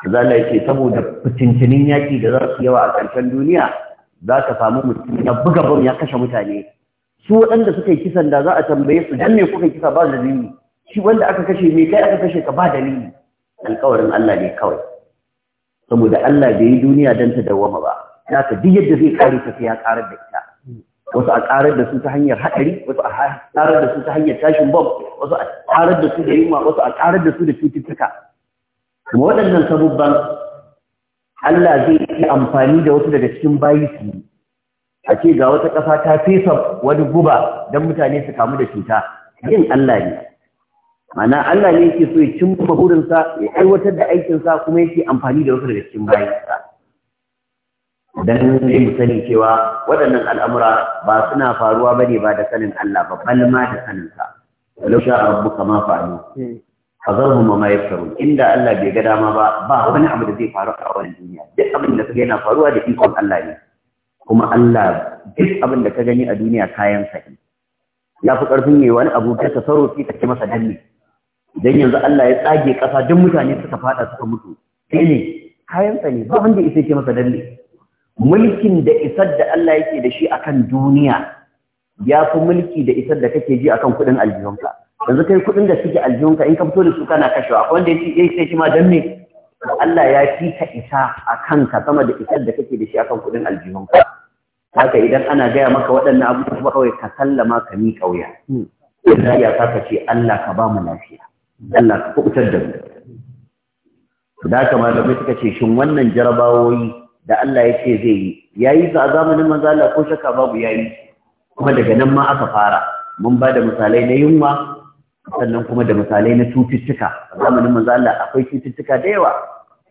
manzo Allah yace saboda fitintinin yaki da za su yawa a ƙarshen duniya za ka samu mutum ya buga bom ya kashe mutane su waɗanda suka yi kisan da za a tambaye su dan me kuka kisa ba dalili shi wanda aka kashe me kai aka kashe ka ba dalili alƙawarin Allah ne kawai saboda Allah bai yi duniya don ta dawama ba za ka duk yadda zai kare ta sai ya karar da ita wasu a karar da su ta hanyar haɗari wasu a karar da su ta hanyar tashin bom wasu a karar da su da yunwa wasu a karar da su da cututtuka kuma waɗannan sabubban Allah zai yi amfani da wasu daga cikin bayi su a ce ga wata ƙasa ta fesa wani guba don mutane su kamu da cuta yin Allah ne ma'ana Allah ne yake so ya cimma burinsa ya aiwatar da aikinsa kuma yake amfani da wasu daga cikin bayansa dan sai mu sani cewa waɗannan al'amura ba suna faruwa ba ne ba da sanin Allah ba bal ma da sanin sa walau sha rabbuka A fa'alu fazarhum ma yaftarun inda Allah bai ga dama ba ba wani abu da zai faru a wannan duniya duk abin da kaga yana faruwa da ikon Allah ne kuma Allah duk abin da ka gani a duniya kayan sa ne ya fi karfin ne wani abu ka tasarrufi ka ci masa danne idan yanzu Allah ya tsage ƙasa duk mutane suka fada suka mutu sai ne kayan tsani. ba wanda isa ke masa danne, mulkin da isar da Allah yake da shi akan duniya ya fi mulki da isar da kake ji akan kuɗin aljihunka yanzu kai kuɗin da suke aljihunka in ka fito da su kana kashewa akwai wanda ya ce eh, shi ma dan me Allah ya fi ka isa a kanka sama da isar da kake da shi akan kuɗin aljihunka haka idan ana gaya maka waɗannan abubuwa kawai ka sallama ka mi kauya. yanzu hmm. ya ka ce Allah ka ba mu lafiya. Allah ka kubutar da mu da haka malamai suka ce shin wannan jarabawoyi da Allah ya ce zai yi Yayi yi a zamanin manzo Allah ko shakka babu yayi. kuma daga nan ma aka fara mun ba da misalai na yunwa sannan kuma da misalai na cututtuka a zamanin manzo Allah akwai cututtuka da yawa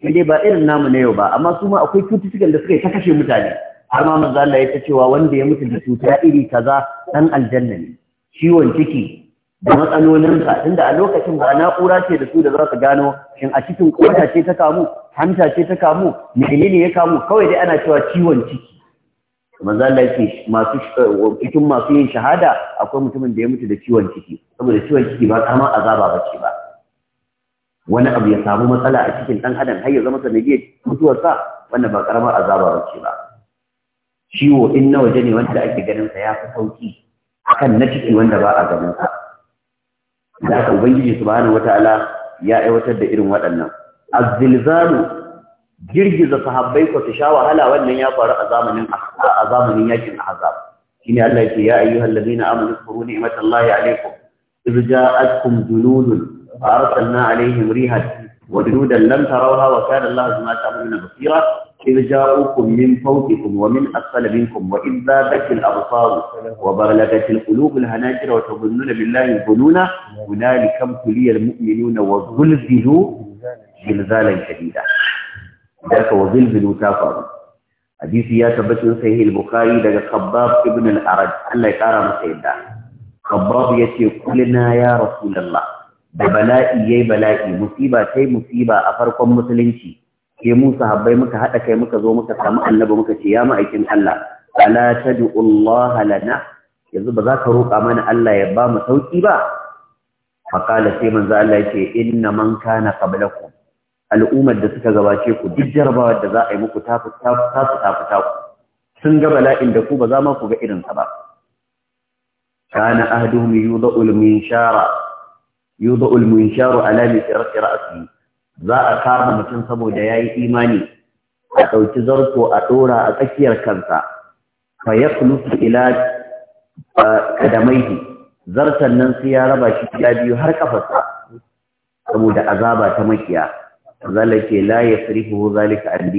dai ba irin namu na yau ba amma su ma akwai cututtukan da suka yi ta kashe mutane har ma manzo Allah ya ta cewa wanda ya mutu da cuta iri kaza dan aljanna ne ciwon ciki da matsalolinsa tunda a lokacin ba na'ura ce da su da za su gano shin a cikin kwata ce ta kamu hanta ce ta kamu menene ya kamu kawai dai ana cewa ciwon ciki manzo Allah yake masu eh, cikin masu yin shahada akwai mutumin da ya mutu da ciwon ciki saboda ciwon ciki ba kama azaba bace ba wani abu ya samu matsala a cikin dan adam har ya zama sanadiyar mutuwarsa wannan ba karamar azaba bace ba ciwo in na waje ne wanda ake ganin sa ya fi sauki akan na ciki wanda ba a ganin sa da aka ubangiji subhanahu wataala ya aiwatar da irin waɗannan azzilzalu girgiza sahabbai ko su sha wahala wannan ya faru a zamanin a zamanin yakin ahzab shine Allah yake ya ayyuhal ladina amanu kuru ni'matallahi alaikum إذ جاءتكم جنود فأرسلنا عليهم ريحا وجنودا لم تروها وكان الله بما تعملون بصيرا irja'ukum min fawqikum wa min asfali minkum wa idza dakil absar wa baghalat al qulub al hanajira wa tabunnuna billahi bununa hunalika kulliyal mu'minuna wa zulzilu zilzalan shadida daga wazil bin mutafar hadisi ya tabbata sahih al bukhari daga Kabbab ibn al arad Allah ya kara masa yadda khabbab yace kulina ya rasulullah da bala'i yayi bala'i musiba sai musiba a farkon musulunci ke mu sahabbai muka haɗa kai muka zo muka samu annabi muka ce ya ma'aikin Allah ala tad'u Allah lana yanzu ba za ka roƙa mana Allah ya ba mu sauki ba fa qala sai manzo Allah yake inna man kana qablakum al'ummar da suka gabace ku duk jarabawar da za a yi muku ta ta ku sun ga bala'in da ku ba za ma ku ga irin sa ba kana ahduhum yudha'u al-minshara yudha'u al ala mitrat ra'sihi za a kama mutum saboda ya yi imani a ɗauki zarto a ɗora a tsakiyar kansa fa ya ila kadamaihi zartan nan sai ya raba shi ya biyu har kafarsa saboda azaba ta makiya zalake la yasrifu zalika an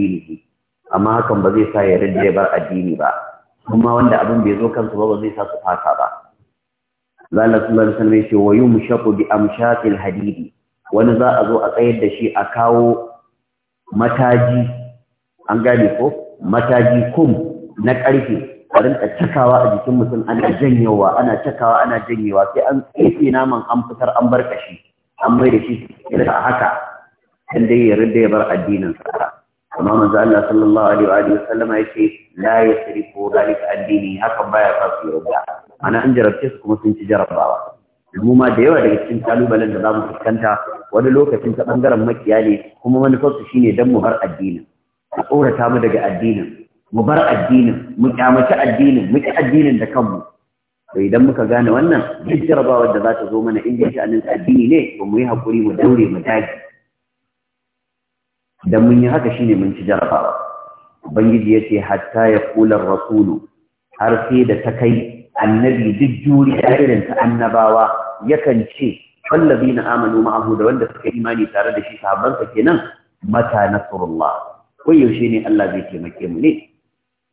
amma hakan ba zai sa ya rinde bar addini ba kuma wanda abin bai zo kansu ba ba zai sa su fata ba lalatu lalatu alaihi wasallam yace wa shaku bi amshaqil hadidi wani za a zo a tsayar da shi a kawo mataji an gane ko mataji kum na ƙarfe a rinka cakawa a jikin mutum ana janyewa ana cakawa ana janyewa sai an tsefe naman an fitar an bar kashi an mai da shi a haka dan dai ya rinda ya bar addinin sa amma manzo Allah sallallahu alaihi wa alihi sallama yace la yasrifu zalika addini hakan baya sa su yarda ana an jarabce su kuma sun ci jarabawa mu ma da yawa daga cikin kalubalen da za mu fuskanta wani lokacin ta bangaren makiya ne kuma manufarsu shine dan mu bar addinin a tsorata mu daga addinin mu bar addinin mu kyamaci addinin mu ki addinin da kanmu to idan muka gane wannan duk jarabawar da za ta zo mana in dai sha'anin addini ne ba mu yi hakuri mu daure mu dage Da mun yi haka shine mun ci jarabawa ubangiji yace hatta ya ar-rasulu har sai da ta kai annabi duk juriya irin ta annabawa yakan ce wallabi na amanu ma'ahu da wanda suka imani tare da shi sahabbansa kenan mata nasrullah ko yaushe ne Allah zai taimake mu ne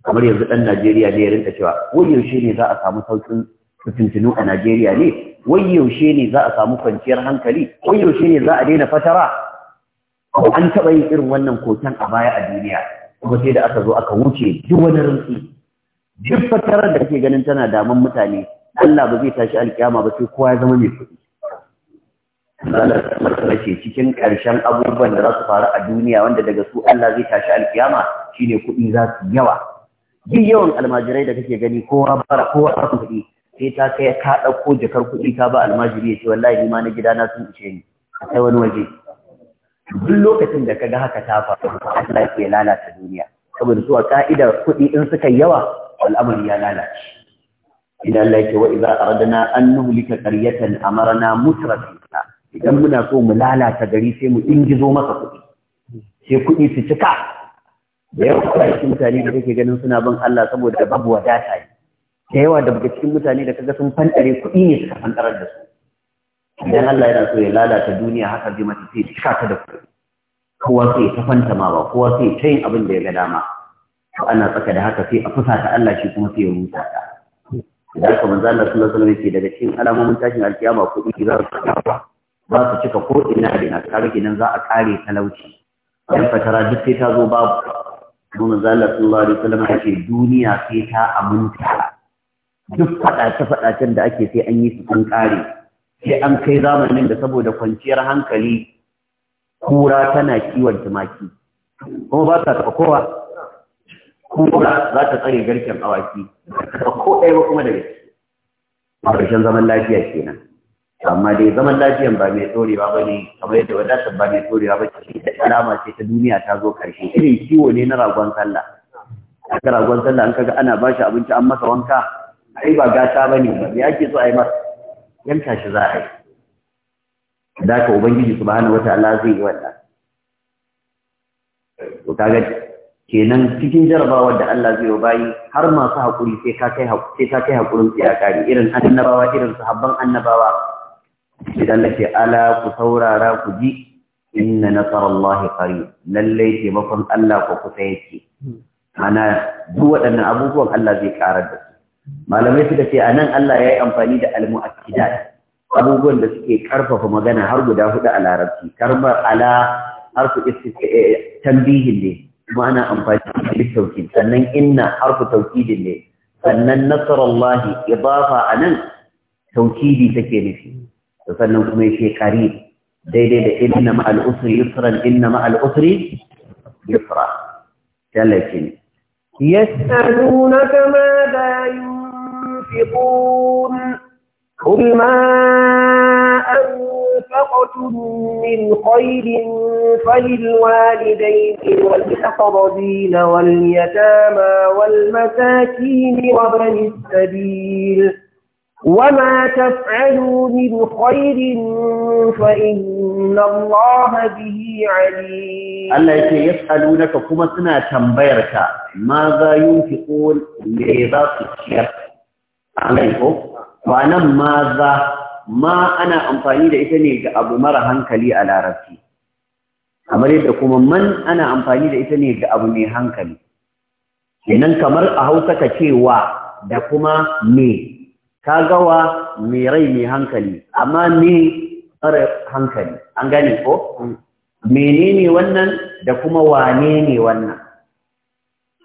kamar yanzu dan Najeriya ne ya rinka cewa ko yaushe ne za a samu saukin fitintinu a Najeriya ne wai yaushe ne za a samu kwanciyar hankali wai yaushe ne za a daina fatara an taɓa yin irin wannan koken a baya a duniya kuma sai da aka zo aka wuce duk wani rinsi duk fatarar da kake ganin tana damun mutane Allah ba zai tashi alkiyama ba sai kowa ya zama mai kuɗi ce cikin ƙarshen abubuwan da za su faru a duniya wanda daga su Allah zai tashi alkiyama shine kuɗi za su yawa duk yawan almajirai da kake gani kowa bara kowa a kuɗi sai ta kai ka ɗauko jakar kuɗi ka ba almajiri ya ce wallahi ni ma na gida na sun ishe ni a kai wani waje duk lokacin da ka ga haka ta faru Allah ya lalata duniya saboda su a ka'idar kuɗi in suka yawa al'amari ya lalace idan Allah yake wa idza aradna an nuhlika qaryatan amarna mutrafiha idan muna so mu lalata gari sai mu ingizo maka kuɗi sai kuɗi su cika da yawa cikin mutane da kake ganin suna bin Allah saboda babu wadata ne da yawa daga cikin mutane da kaga sun fantare kuɗi ne suka fantarar da su idan Allah yana so ya lalata duniya haka zai mata sai cika ta da kuɗi kowa sai ta fanta ma ba kowa sai ta yin abin da ya ga dama to ana tsaka da haka sai a fusata, Allah shi kuma sai ya rusa ta da haka manzo Allah sallallahu alaihi wasallam yake daga cikin alamomin tashin alkiyama in za su kafa ba su cika ko ina da ina kaga kenan za a kare talauci dan fatara duk sai ta zo babu kuma manzo Allah sallallahu alaihi wasallam yake duniya sai ta aminta duk fadace-fadacen da ake sai an yi su an kare sai an kai zamanin da saboda kwanciyar hankali kura tana kiwon tumaki kuma ba ta taɓa kowa kura za ta tsare garken awaki ba ko ɗaya ba kuma daga ciki a ƙarshen zaman lafiya kenan amma dai zaman lafiyan ba mai ɗorewa ba ne kamar yadda wadatar ba mai ɗorewa ba ce da alama ce ta duniya ta zo ƙarshe irin kiwo ne na ragon sallah aka ragon sallah an kaga ana bashi abinci an masa wanka ai ba gata ba ne me ake so a yi masa yanka shi za a yi da ubangiji subhanahu wataala zai yi wannan to kaga kenan cikin jarabawar da Allah zai bayi har masu haƙuri sai ka kai haƙurin tsaya kare irin annabawa irin sahabban annabawa idan Allah ala ku saurara ku ji inna nasarallahi qarib lallai taimakon Allah ko kusa yake Mana duk waɗannan abubuwan Allah zai karar da su malamai suka ce a nan Allah ya yi amfani da a almu'akkidat abubuwan da suke karfafa magana har guda hudu a larabci karbar ala harfu eh, tambihin ne kuma ana amfani da littauki sannan inna harfu taukidin ne sannan nasarallahi idafa anan taukidi take nufi sannan kuma yake qarib daidai da inna ma al yusran inna ma al-usri yusra talakin da ma la yunfiqun qul ma أنفقتم من خير فللوالدين والأقربين واليتامى والمساكين وبني السبيل وما تفعلوا من خير فإن الله به عليم الله يسألونك كما سنة تنبيرك ماذا ينفقون لإضافة الشيخ عليكم وأنا ماذا ma ana amfani da ita ne ga abu mara hankali a larabci kamar yadda kuma man ana amfani da ita ne ga abu mai hankali kenan kamar a hausa ka ce wa da kuma me ka gawa mai rai mai hankali amma me tsara hankali an gane ko menene wannan da kuma wane ne wannan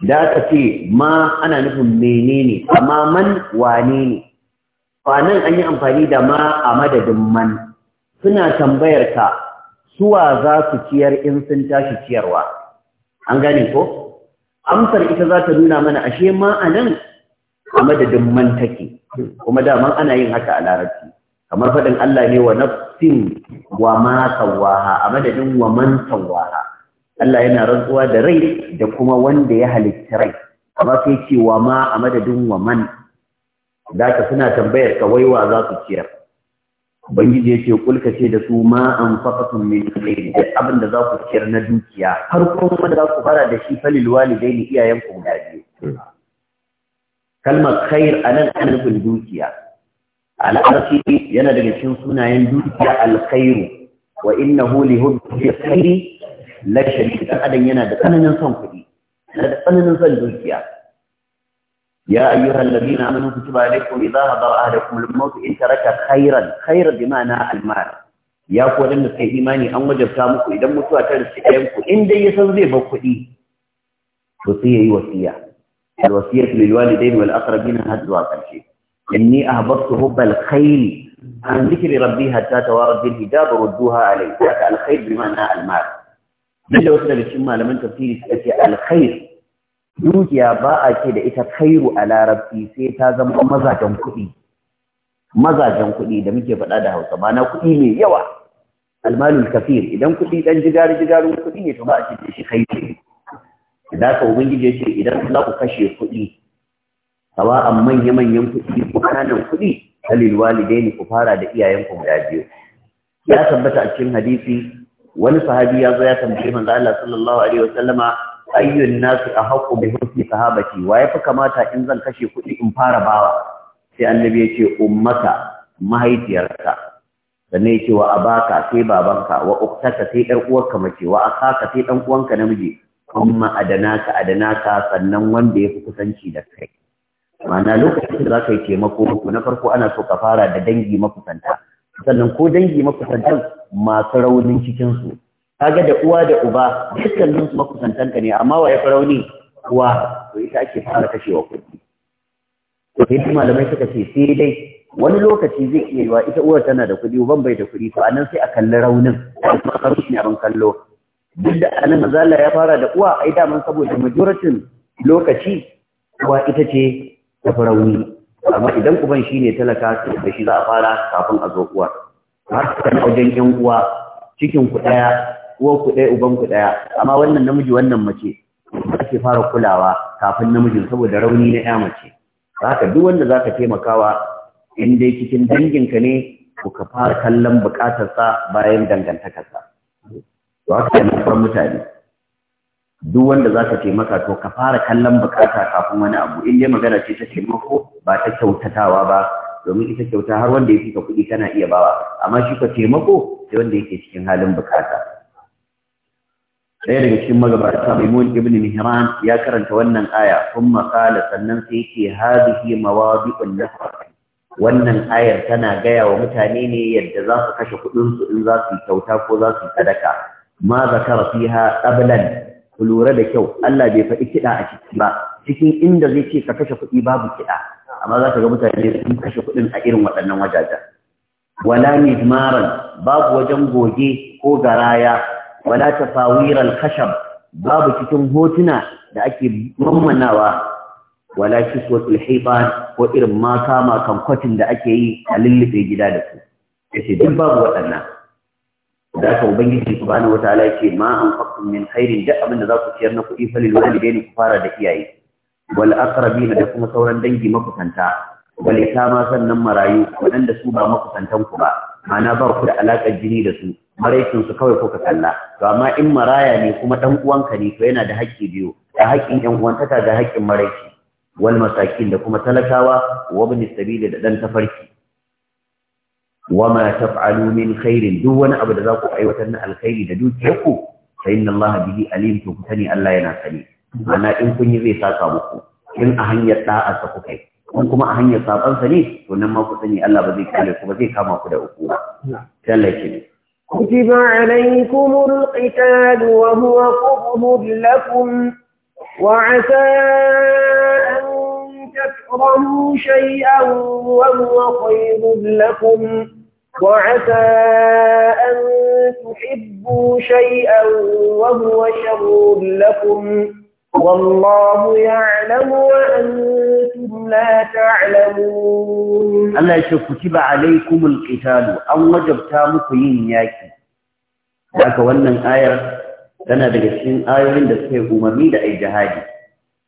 da aka ce ma ana nufin menene amma man wane ne ba nan an yi amfani da ma a madadin man suna tambayar ka suwa za su ciyar in sun tashi ciyarwa an gane ko amsar ita za ta nuna mana ashe ma a nan a madadin man take kuma daman ana yin haka a larabci kamar faɗin Allah ne wa nafsin wa ma tawaha a madadin wa man tawaha Allah yana rantsuwa da rai da kuma wanda ya halitta rai amma sai ce wa ma a madadin wa man da ka suna tambayar ka waiwa za su ciyar ubangiji ya ce kulka ce da su ma an faƙatun min khairin da abin da za ku ciyar na dukiya har kuma da za ku fara da shi falil walidaini iyayen ku guda biyu kalmar khair anan ana nufin dukiya al'arshi yana daga cikin sunayen dukiya alkhairu wa inna li hubbi khairi la sharika adam yana da tsananin son kuɗi yana da tsananin son dukiya يا أيها الذين آمنوا كتب عليكم إذا هضر أهلكم الموت إن ترك خيرا خيرا بمعنى المال يا قوة لن تكي إيماني أن وجب تامكو إذا متوا ترسي أيامكو إن دي يسنزي فوقي وصية وصية الوصية للوالدين والأقربين هذا واقع شيء إني أهبطت هب الخيل عن ذكر ربي حتى توارد بالهجاب ردوها علي الخير بمعنى المال من لو سنة لشما لمن تفسير الخير dukiya ba a ce da ita khairu a larabci sai ta zama mazajen kuɗi mazajen kuɗi da muke faɗa da hausa ba na kuɗi mai yawa almalul kafir idan kuɗi ɗan jigari jigarin kuɗi ne to ba a ce da shi khairu da ka ubangiji ya ce idan za ku kashe kuɗi sawa'an manya-manyan kuɗi ko ƙananan kuɗi halil walidaini ku fara da iyayenku guda biyu ya tabbata a cikin hadisi wani sahabi ya zo ya tambaye manzo Allah sallallahu alaihi wasallama ayyun nasu a haƙo bai husni sahabati wa ya fi kamata in zan kashe kuɗi in fara bawa sai annabi ya ce ummata mahaifiyarka sannan ya ce wa abaka sai babanka wa uktaka sai ɗan uwarka mace wa akaka sai ɗan uwanka namiji kuma adanaka adanaka sannan wanda ya fi kusanci da kai ma'ana lokacin da za ka yi taimako na farko ana so ka fara da dangi makusanta sannan ko dangi makusantan masu raunin cikinsu kaga da uwa da uba nan su makusantan ka ne amma wa ya farauni uwa to ita ake fara kashewa kuɗi to sai malamai suka ce sai dai wani lokaci zai iya yiwa ita uwar tana da kuɗi uban bai da kuɗi to anan sai a kalli raunin kuma karushi ne abin kallo duk da anan mazala ya fara da uwa ai daman saboda majoratin lokaci uwa ita ce ta farauni amma idan uban shine talaka da shi za a fara kafin a zo uwa har kan wajen yan uwa cikin ku ɗaya Uwanku ɗaya ubanku ɗaya amma wannan namiji wannan mace ake fara kulawa kafin namijin saboda rauni na ya mace haka duk wanda zaka taimakawa in dai cikin danginka ne ku ka fara kallon bukatarsa bayan dangantakarsa to haka ne fara mutane duk wanda zaka taimaka to ka fara kallon bukata kafin wani abu in dai magana ce ta taimako ba ta kyautatawa ba domin ita kyauta har wanda ya fi ka kuɗi kana iya bawa amma shi ka taimako sai wanda yake cikin halin bukata ɗaya daga cikin magabata maimun ibn mihran ya karanta wannan aya kuma qala sannan sai yake hadhihi mawadi'un nafaqati wannan ayar tana gaya wa mutane ne yadda za su kashe kuɗinsu in za su yi kyauta ko za su yi sadaka ma zakara fiha qablan ku lura da kyau Allah bai faɗi kiɗa a ciki ba cikin inda zai ce ka kashe kuɗi babu kiɗa amma za ka ga mutane sun kashe kuɗin a irin waɗannan wajajen wala mizmaran babu wajen goge ko garaya wala tafawir al-khashab babu cikin hotuna da ake mammanawa wala kiswatul hitan ko irin ma kama kan kwatin da ake yi a lullufe gida da su yace duk babu waɗannan da aka ubangiji subhanahu wataala yace ma anfaqtum min khairin da abin da za ku ciyar na kuɗi falil walidaini ku fara da iyaye wal aqrabin da kuma sauran dangi makusanta wale ta ma sannan marayu waɗanda su ba makusantan ku ba ma'ana ba ku da alaƙar jini da su maraicin su kawai kuka kalla to amma in maraya ne kuma dan uwanka ne to yana da haƙƙi biyu da haƙƙin yan uwantaka da haƙƙin maraici wal masakin da kuma talakawa wa ibn sabili da dan tafarki wa ma taf'alu min khairin duk wani abu da za ku aiwatar na alkhairi da dukiyarku fa inna allaha bihi alim to kutani Allah yana sani ana in kun yi zai saka muku in a hanyar da'arsa kuka in kuma a hanyar sabansa ne to nan ma ku sani Allah ba zai kare ku ba zai kama ku da uku. tallace ne كتب عليكم القتال وهو قبض لكم وعسى أن تكرهوا شيئا وهو خير لكم وعسى أن تحبوا شيئا وهو شر لكم Allah ya وأنتم لا تعلمون الله يشوف كتب عليكم An wajabta muku yin ياكي Daga wannan ayar tana daga cikin ayoyin da suke umarni da ai jihadi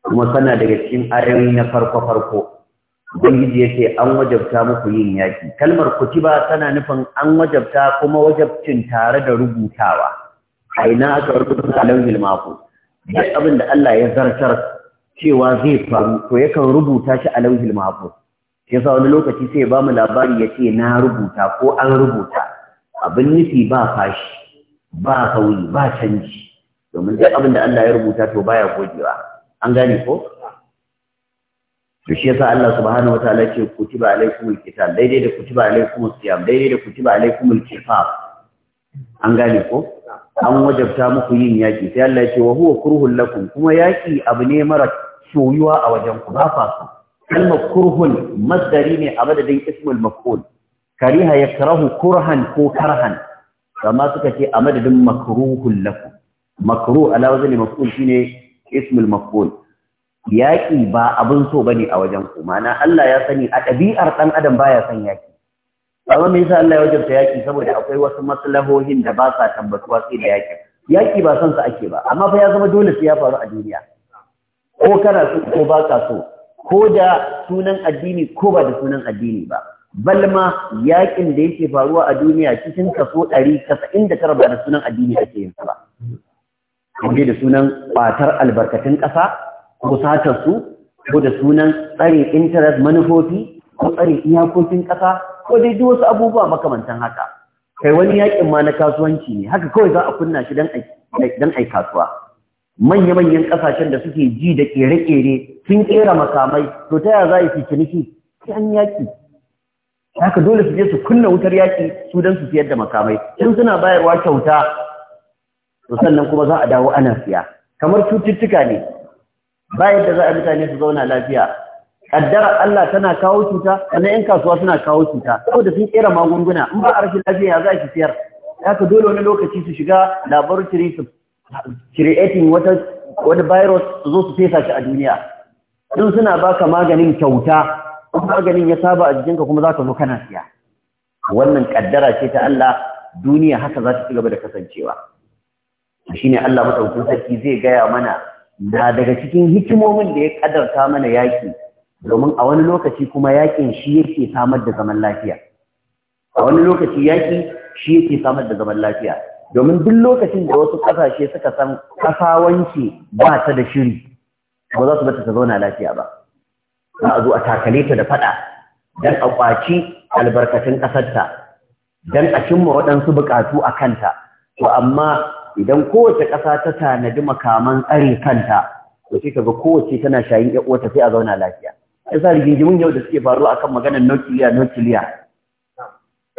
kuma tana daga cikin ayoyin na farko farko ubangiji yace an wajabta muku yin yaki kalmar kutiba tana nufin an wajabta kuma wajabcin tare da rubutawa aina aka rubuta lauyin mahfuz duk abin da Allah ya zartar cewa zai faru to yakan rubuta shi a lauhil mahfuz shi yasa wani lokaci sai ya bamu labari ya ce na rubuta ko an rubuta abin nufi ba fashi ba sauyi ba canji domin duk abin da Allah ya rubuta to baya gogewa an gane ko to shi yasa Allah subhanahu wataala ce kutiba alaikumul qital daidai da kutiba alaikumus siyam daidai da kutiba alaikumul kifaf an gane ko an wajabta muku yin yaƙi sai Allah ya ce wa huwa kurhun lakum kuma yaƙi abu ne mara soyuwa a wajen ku ba fa kalmar kurhun masdari ne a madadin ismul maf'ul kariha yakrahu kurhan ko karhan amma suka ce a madadin makruhun lakum makru ala wazn maf'ul shine ismul maf'ul yaƙi ba abin so bane a wajen ku ma'ana Allah ya sani a ɗabi'ar ɗan adam baya son yaƙi Baba mai sa Allah ya wajabta yaki saboda akwai wasu maslahohin da ba sa tabbatuwa sai da yaki. Yaki ba son sa ake ba, amma fa ya zama dole sai ya faru a duniya. Ko kana so ko ba ka so, ko da sunan addini ko ba da sunan addini ba. Balma yaƙin da yake faruwa a duniya cikin kaso ɗari casa'in da tara ba da sunan addini ake yin sa ba. Kamar da sunan ƙwatar albarkatun ƙasa, ko satar su, ko da sunan tsarin interest manufofi, ko tsare iyakokin ƙasa ko dai duk wasu abubuwa makamantan haka kai wani yakin ma na kasuwanci ne haka kawai za a kunna shi dan ai kasuwa manya-manyan kasashen da suke ji da kere-kere sun kera makamai to ta yaya za a yi niki sai an yaki haka dole su je su kunna wutar yaki su dan su fiyar da makamai in suna bayarwa kyauta to sannan kuma za a dawo ana siya kamar cututtuka ne ba yadda za a mutane su zauna lafiya kaddara Allah tana kawo cuta wannan yan kasuwa suna kawo cuta saboda sun kera magunguna in ba a rashin lafiya za ki siyar haka dole wani lokaci su shiga laboratory su creating wata wani virus su zo su fesa shi a duniya in suna baka maganin kyauta in maganin ya saba a jikinka kuma za ka zo kana siya wannan kaddara ce ta Allah duniya haka za ta ci gaba da kasancewa shine Allah madaukakin sarki zai gaya mana na daga cikin hikimomin da ya kadarta mana yaki domin a wani lokaci kuma yakin shi yake samar da zaman lafiya a wani lokaci yaki shi yake samar da zaman lafiya domin duk lokacin da wasu kasashe suka san kasawanci ba ta da shiri ba za su bata ta zauna lafiya ba za a zo a takale ta da fada dan a kwaci albarkatun kasarta dan a cimma waɗansu bukatu a kanta to amma idan kowace ƙasa ta tanadi makaman tsare kanta to sai ga kowace tana shayin ƴan ta, sai a zauna lafiya yasa rigingimin yau da suke faru akan maganar nukiliya nukiliya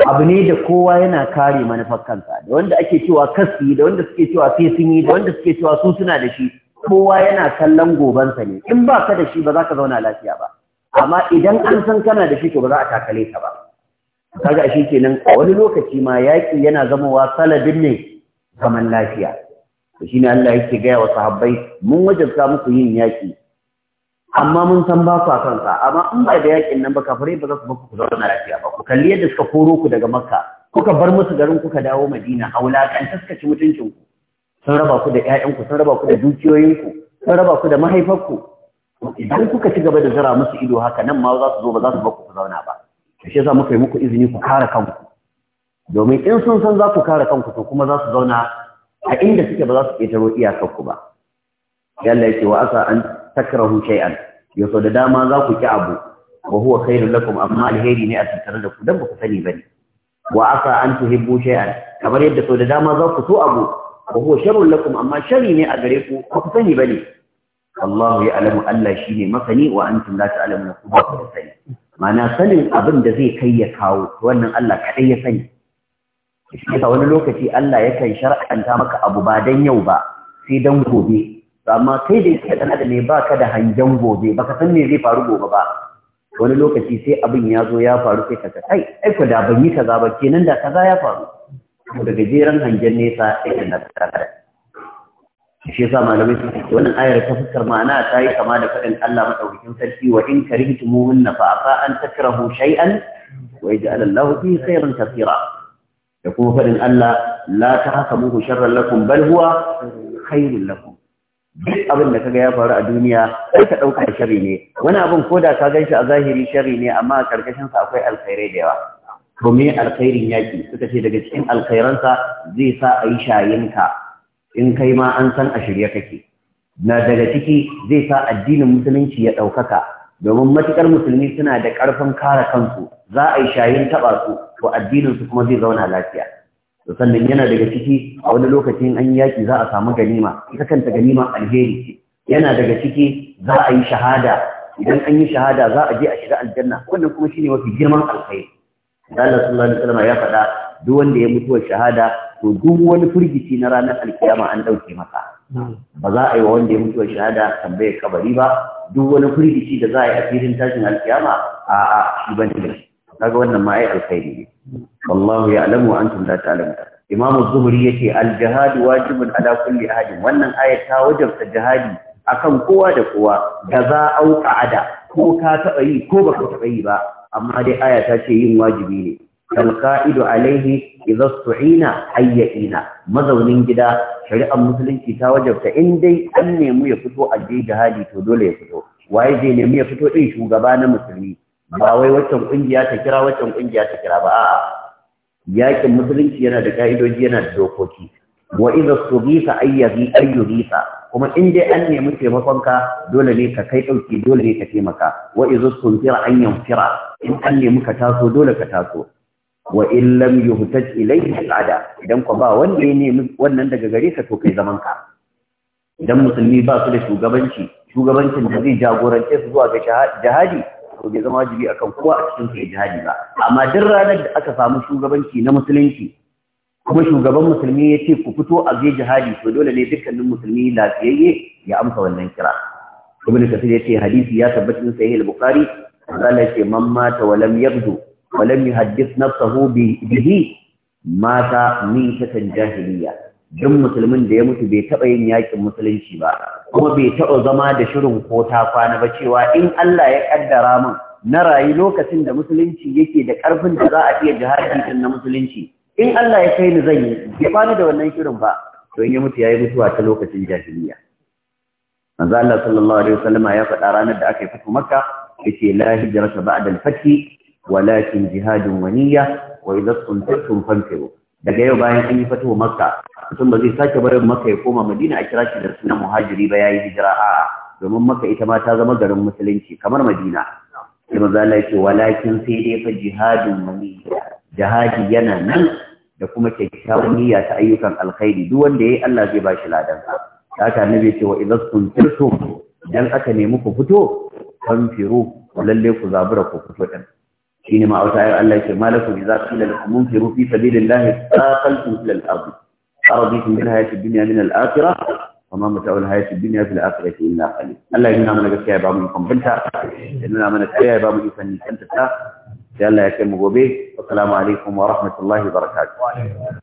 abu ne da kowa yana kare manufar kansa da wanda ake cewa kasi da wanda suke cewa fesini, da wanda suke cewa su suna da shi kowa yana kallon gobansa ne in ba ka da shi ba za ka zauna lafiya ba amma idan an san kana da shi to ba za a takale ka ba kaga ashe kenan a wani lokaci ma yaki yana zamowa saladin ne zaman lafiya shi ne Allah yake gaya wa sahabbai mun wajabta muku yin yaƙi. amma mun san ba ku kansa amma in ba da yakin nan ba kafirai ba za su baku ku zauna lafiya ba ku kalli yadda suka koro ku daga makka kuka bar musu garin kuka dawo madina a wulakan taskaci mutuncin ku sun raba ku da ƴaƴanku sun raba ku da dukiyoyinku sun raba ku da mahaifarku idan kuka ci gaba da zira musu ido haka nan ma za su zo ba za su baku ku zauna ba to shi yasa muka yi muku izini ku kare kanku domin in sun san za ku kare kanku to kuma za su zauna a inda suke ba za su ƙetaro iyakarku ba yalla yake wa asa an takrahu shay'an yau da dama za ku ki abu wa huwa khairul lakum amma alheri ne a tattare da ku dan ba ku sani bane wa asa an tuhibbu shay'an kamar yadda sau da dama za ku so abu wa huwa sharrul lakum amma ne a gare ku ba ku sani bane Allah ya alamu Allah shi ne masani wa an tun lati alamu na sani. Mana sanin abin da zai kai ya kawo wannan Allah kaɗai ya sani. Shi wani lokaci Allah yakan shar'anta maka abu ba don yau ba sai don gobe. amma kai da yake dan adam ne baka da hangen gobe baka san me zai faru gobe ba wani lokaci sai abin ya zo ya faru sai ka ai ai ko da ban yi kaza ba kenan da kaza ya faru daga jeran hangen nesa sai da tsara shi yasa malamai sun ce wannan ayar ta fuskar ma'ana ta yi kama da faɗin Allah madaukakin sarki wa in nafa, fa an takrahu shay'an wa yaj'al Allahu fihi khayran kathira da kuma faɗin Allah la tahsabuhu sharran lakum bal huwa khairun lakum duk abin da kaga ya faru a duniya sai ka dauka shari ne wani abin ko da ka ganshi a zahiri shari ne amma a karkashin sa akwai alkhairai da yawa to me alkhairin yaki suka ce daga cikin alkhairansa zai sa a yi shayinka in kai ma an san a shirye kake na daga ciki zai sa addinin musulunci ya ɗaukaka domin matukar musulmi suna da ƙarfin kare kansu za a yi shayin taɓa su to addinin su kuma zai zauna lafiya sannan yana daga ciki a wani lokacin an yaki za a samu ganima ita kanta ganima alheri ce yana daga ciki za a yi shahada idan an yi shahada za a je a shiga aljanna wannan kuma shine mafi girman alkhairi da Allah sallallahu alaihi wasallam ya faɗa duk wanda ya mutuwar shahada to duk wani firgici na ranar alkiyama an ɗauke masa ba za a yi wa wanda ya mutuwar shahada tambayar kabari ba duk wani firgici da za a yi a filin tashin alkiyama a a shi bane kaga wannan ma ai alkhairi ne والله يعلم وانتم لا تعلمون امام Imam يكي yace al على كل احد kulli ahadin wannan aya ta wajabta jihadi akan kowa da kowa da za au qa'ada ko ka taba yi ko baka taba yi ba amma dai aya ta ce yin wajibi ne kal qa'idu alaihi idha su'ina ayyina mazaunin gida shari'ar musulunci ta wajabta in dai an nemi ya fito a jihadi to dole ya fito waye zai nemi ya fito din shugaba na musulmi ba wai waccan kungiya ta kira waccan kungiya ta kira ba a'a yakin musulunci yana da ka'idoji yana da dokoki wa idza subita ayyabi ayyubita kuma in dai an nemi taimakon ka dole ne ka kai dauki dole ne ka taimaka wa idza sunfira an yanfira in an nemi ka taso dole ka taso wa in lam yuhtaj ilayhi al'ada idan ko ba wanda ya nemi wannan daga gare ka to kai zaman ka idan musulmi ba su da shugabanci shugabancin da zai jagorance su zuwa ga jihadi to bai zama wajibi akan kowa a cikin kai jihadi ba amma duk ranar da aka samu shugabanci na musulunci kuma shugaban musulmi ya ce ku fito a je jihadi to dole ne dukkanin musulmi lafiyayye ya amsa wannan kira ibn kasir ya ce hadisi ya tabbata sahih al-bukhari Allah ce man mata wa lam yabdu wa lam yuhaddith nafsahu bihi mata min jahiliya duk musulmin da ya mutu bai taɓa yin yakin musulunci ba kuma bai taɓa zama da shirin ko ta kwana ba cewa in Allah ya kaddara min na rayu lokacin da musulunci yake da ƙarfin da za a iya jihadi din na musulunci in Allah ya kai ni zan yi bai bani da wannan shirin ba to in ya mutu ya yi mutuwa ta lokacin jahiliya manzo Allah sallallahu alaihi wasallam ya faɗa ranar da aka yi fatu makka yace la hijrata ba'da al-fath walakin jihadun wa niyya wa idza kuntum fanfiru daga yau bayan an yi fatuwa makka mutum ba zai sake barin makka ya koma madina a kira shi da sunan muhajiri ba yi hijira a'a domin makka ita ma ta zama garin musulunci kamar madina sai maza Allah yake walakin sai dai fa jihadin maniyya jihadi yana nan da kuma kyakkyawar niyya ta ayyukan alkhairi duk wanda yayi Allah zai ba shi ladan sa haka annabi ce wa idza kuntum dan aka nemi ku fito fanfiru lalle ku zabura ku fito din shine ma wata ayar Allah yake malakum idza qila lakum munfiru fi sabilillahi taqaltum ila al-ard araditum bil hayati ad-dunya min al-akhirah وما متاع الحياة الدنيا في الآخرة إلا قليل الله يمنع من الجسيا يا بابا من قنبلتها يمنع من التعيا يا بابا من يفني كنتها يا الله يكرمه به والسلام عليكم ورحمة الله وبركاته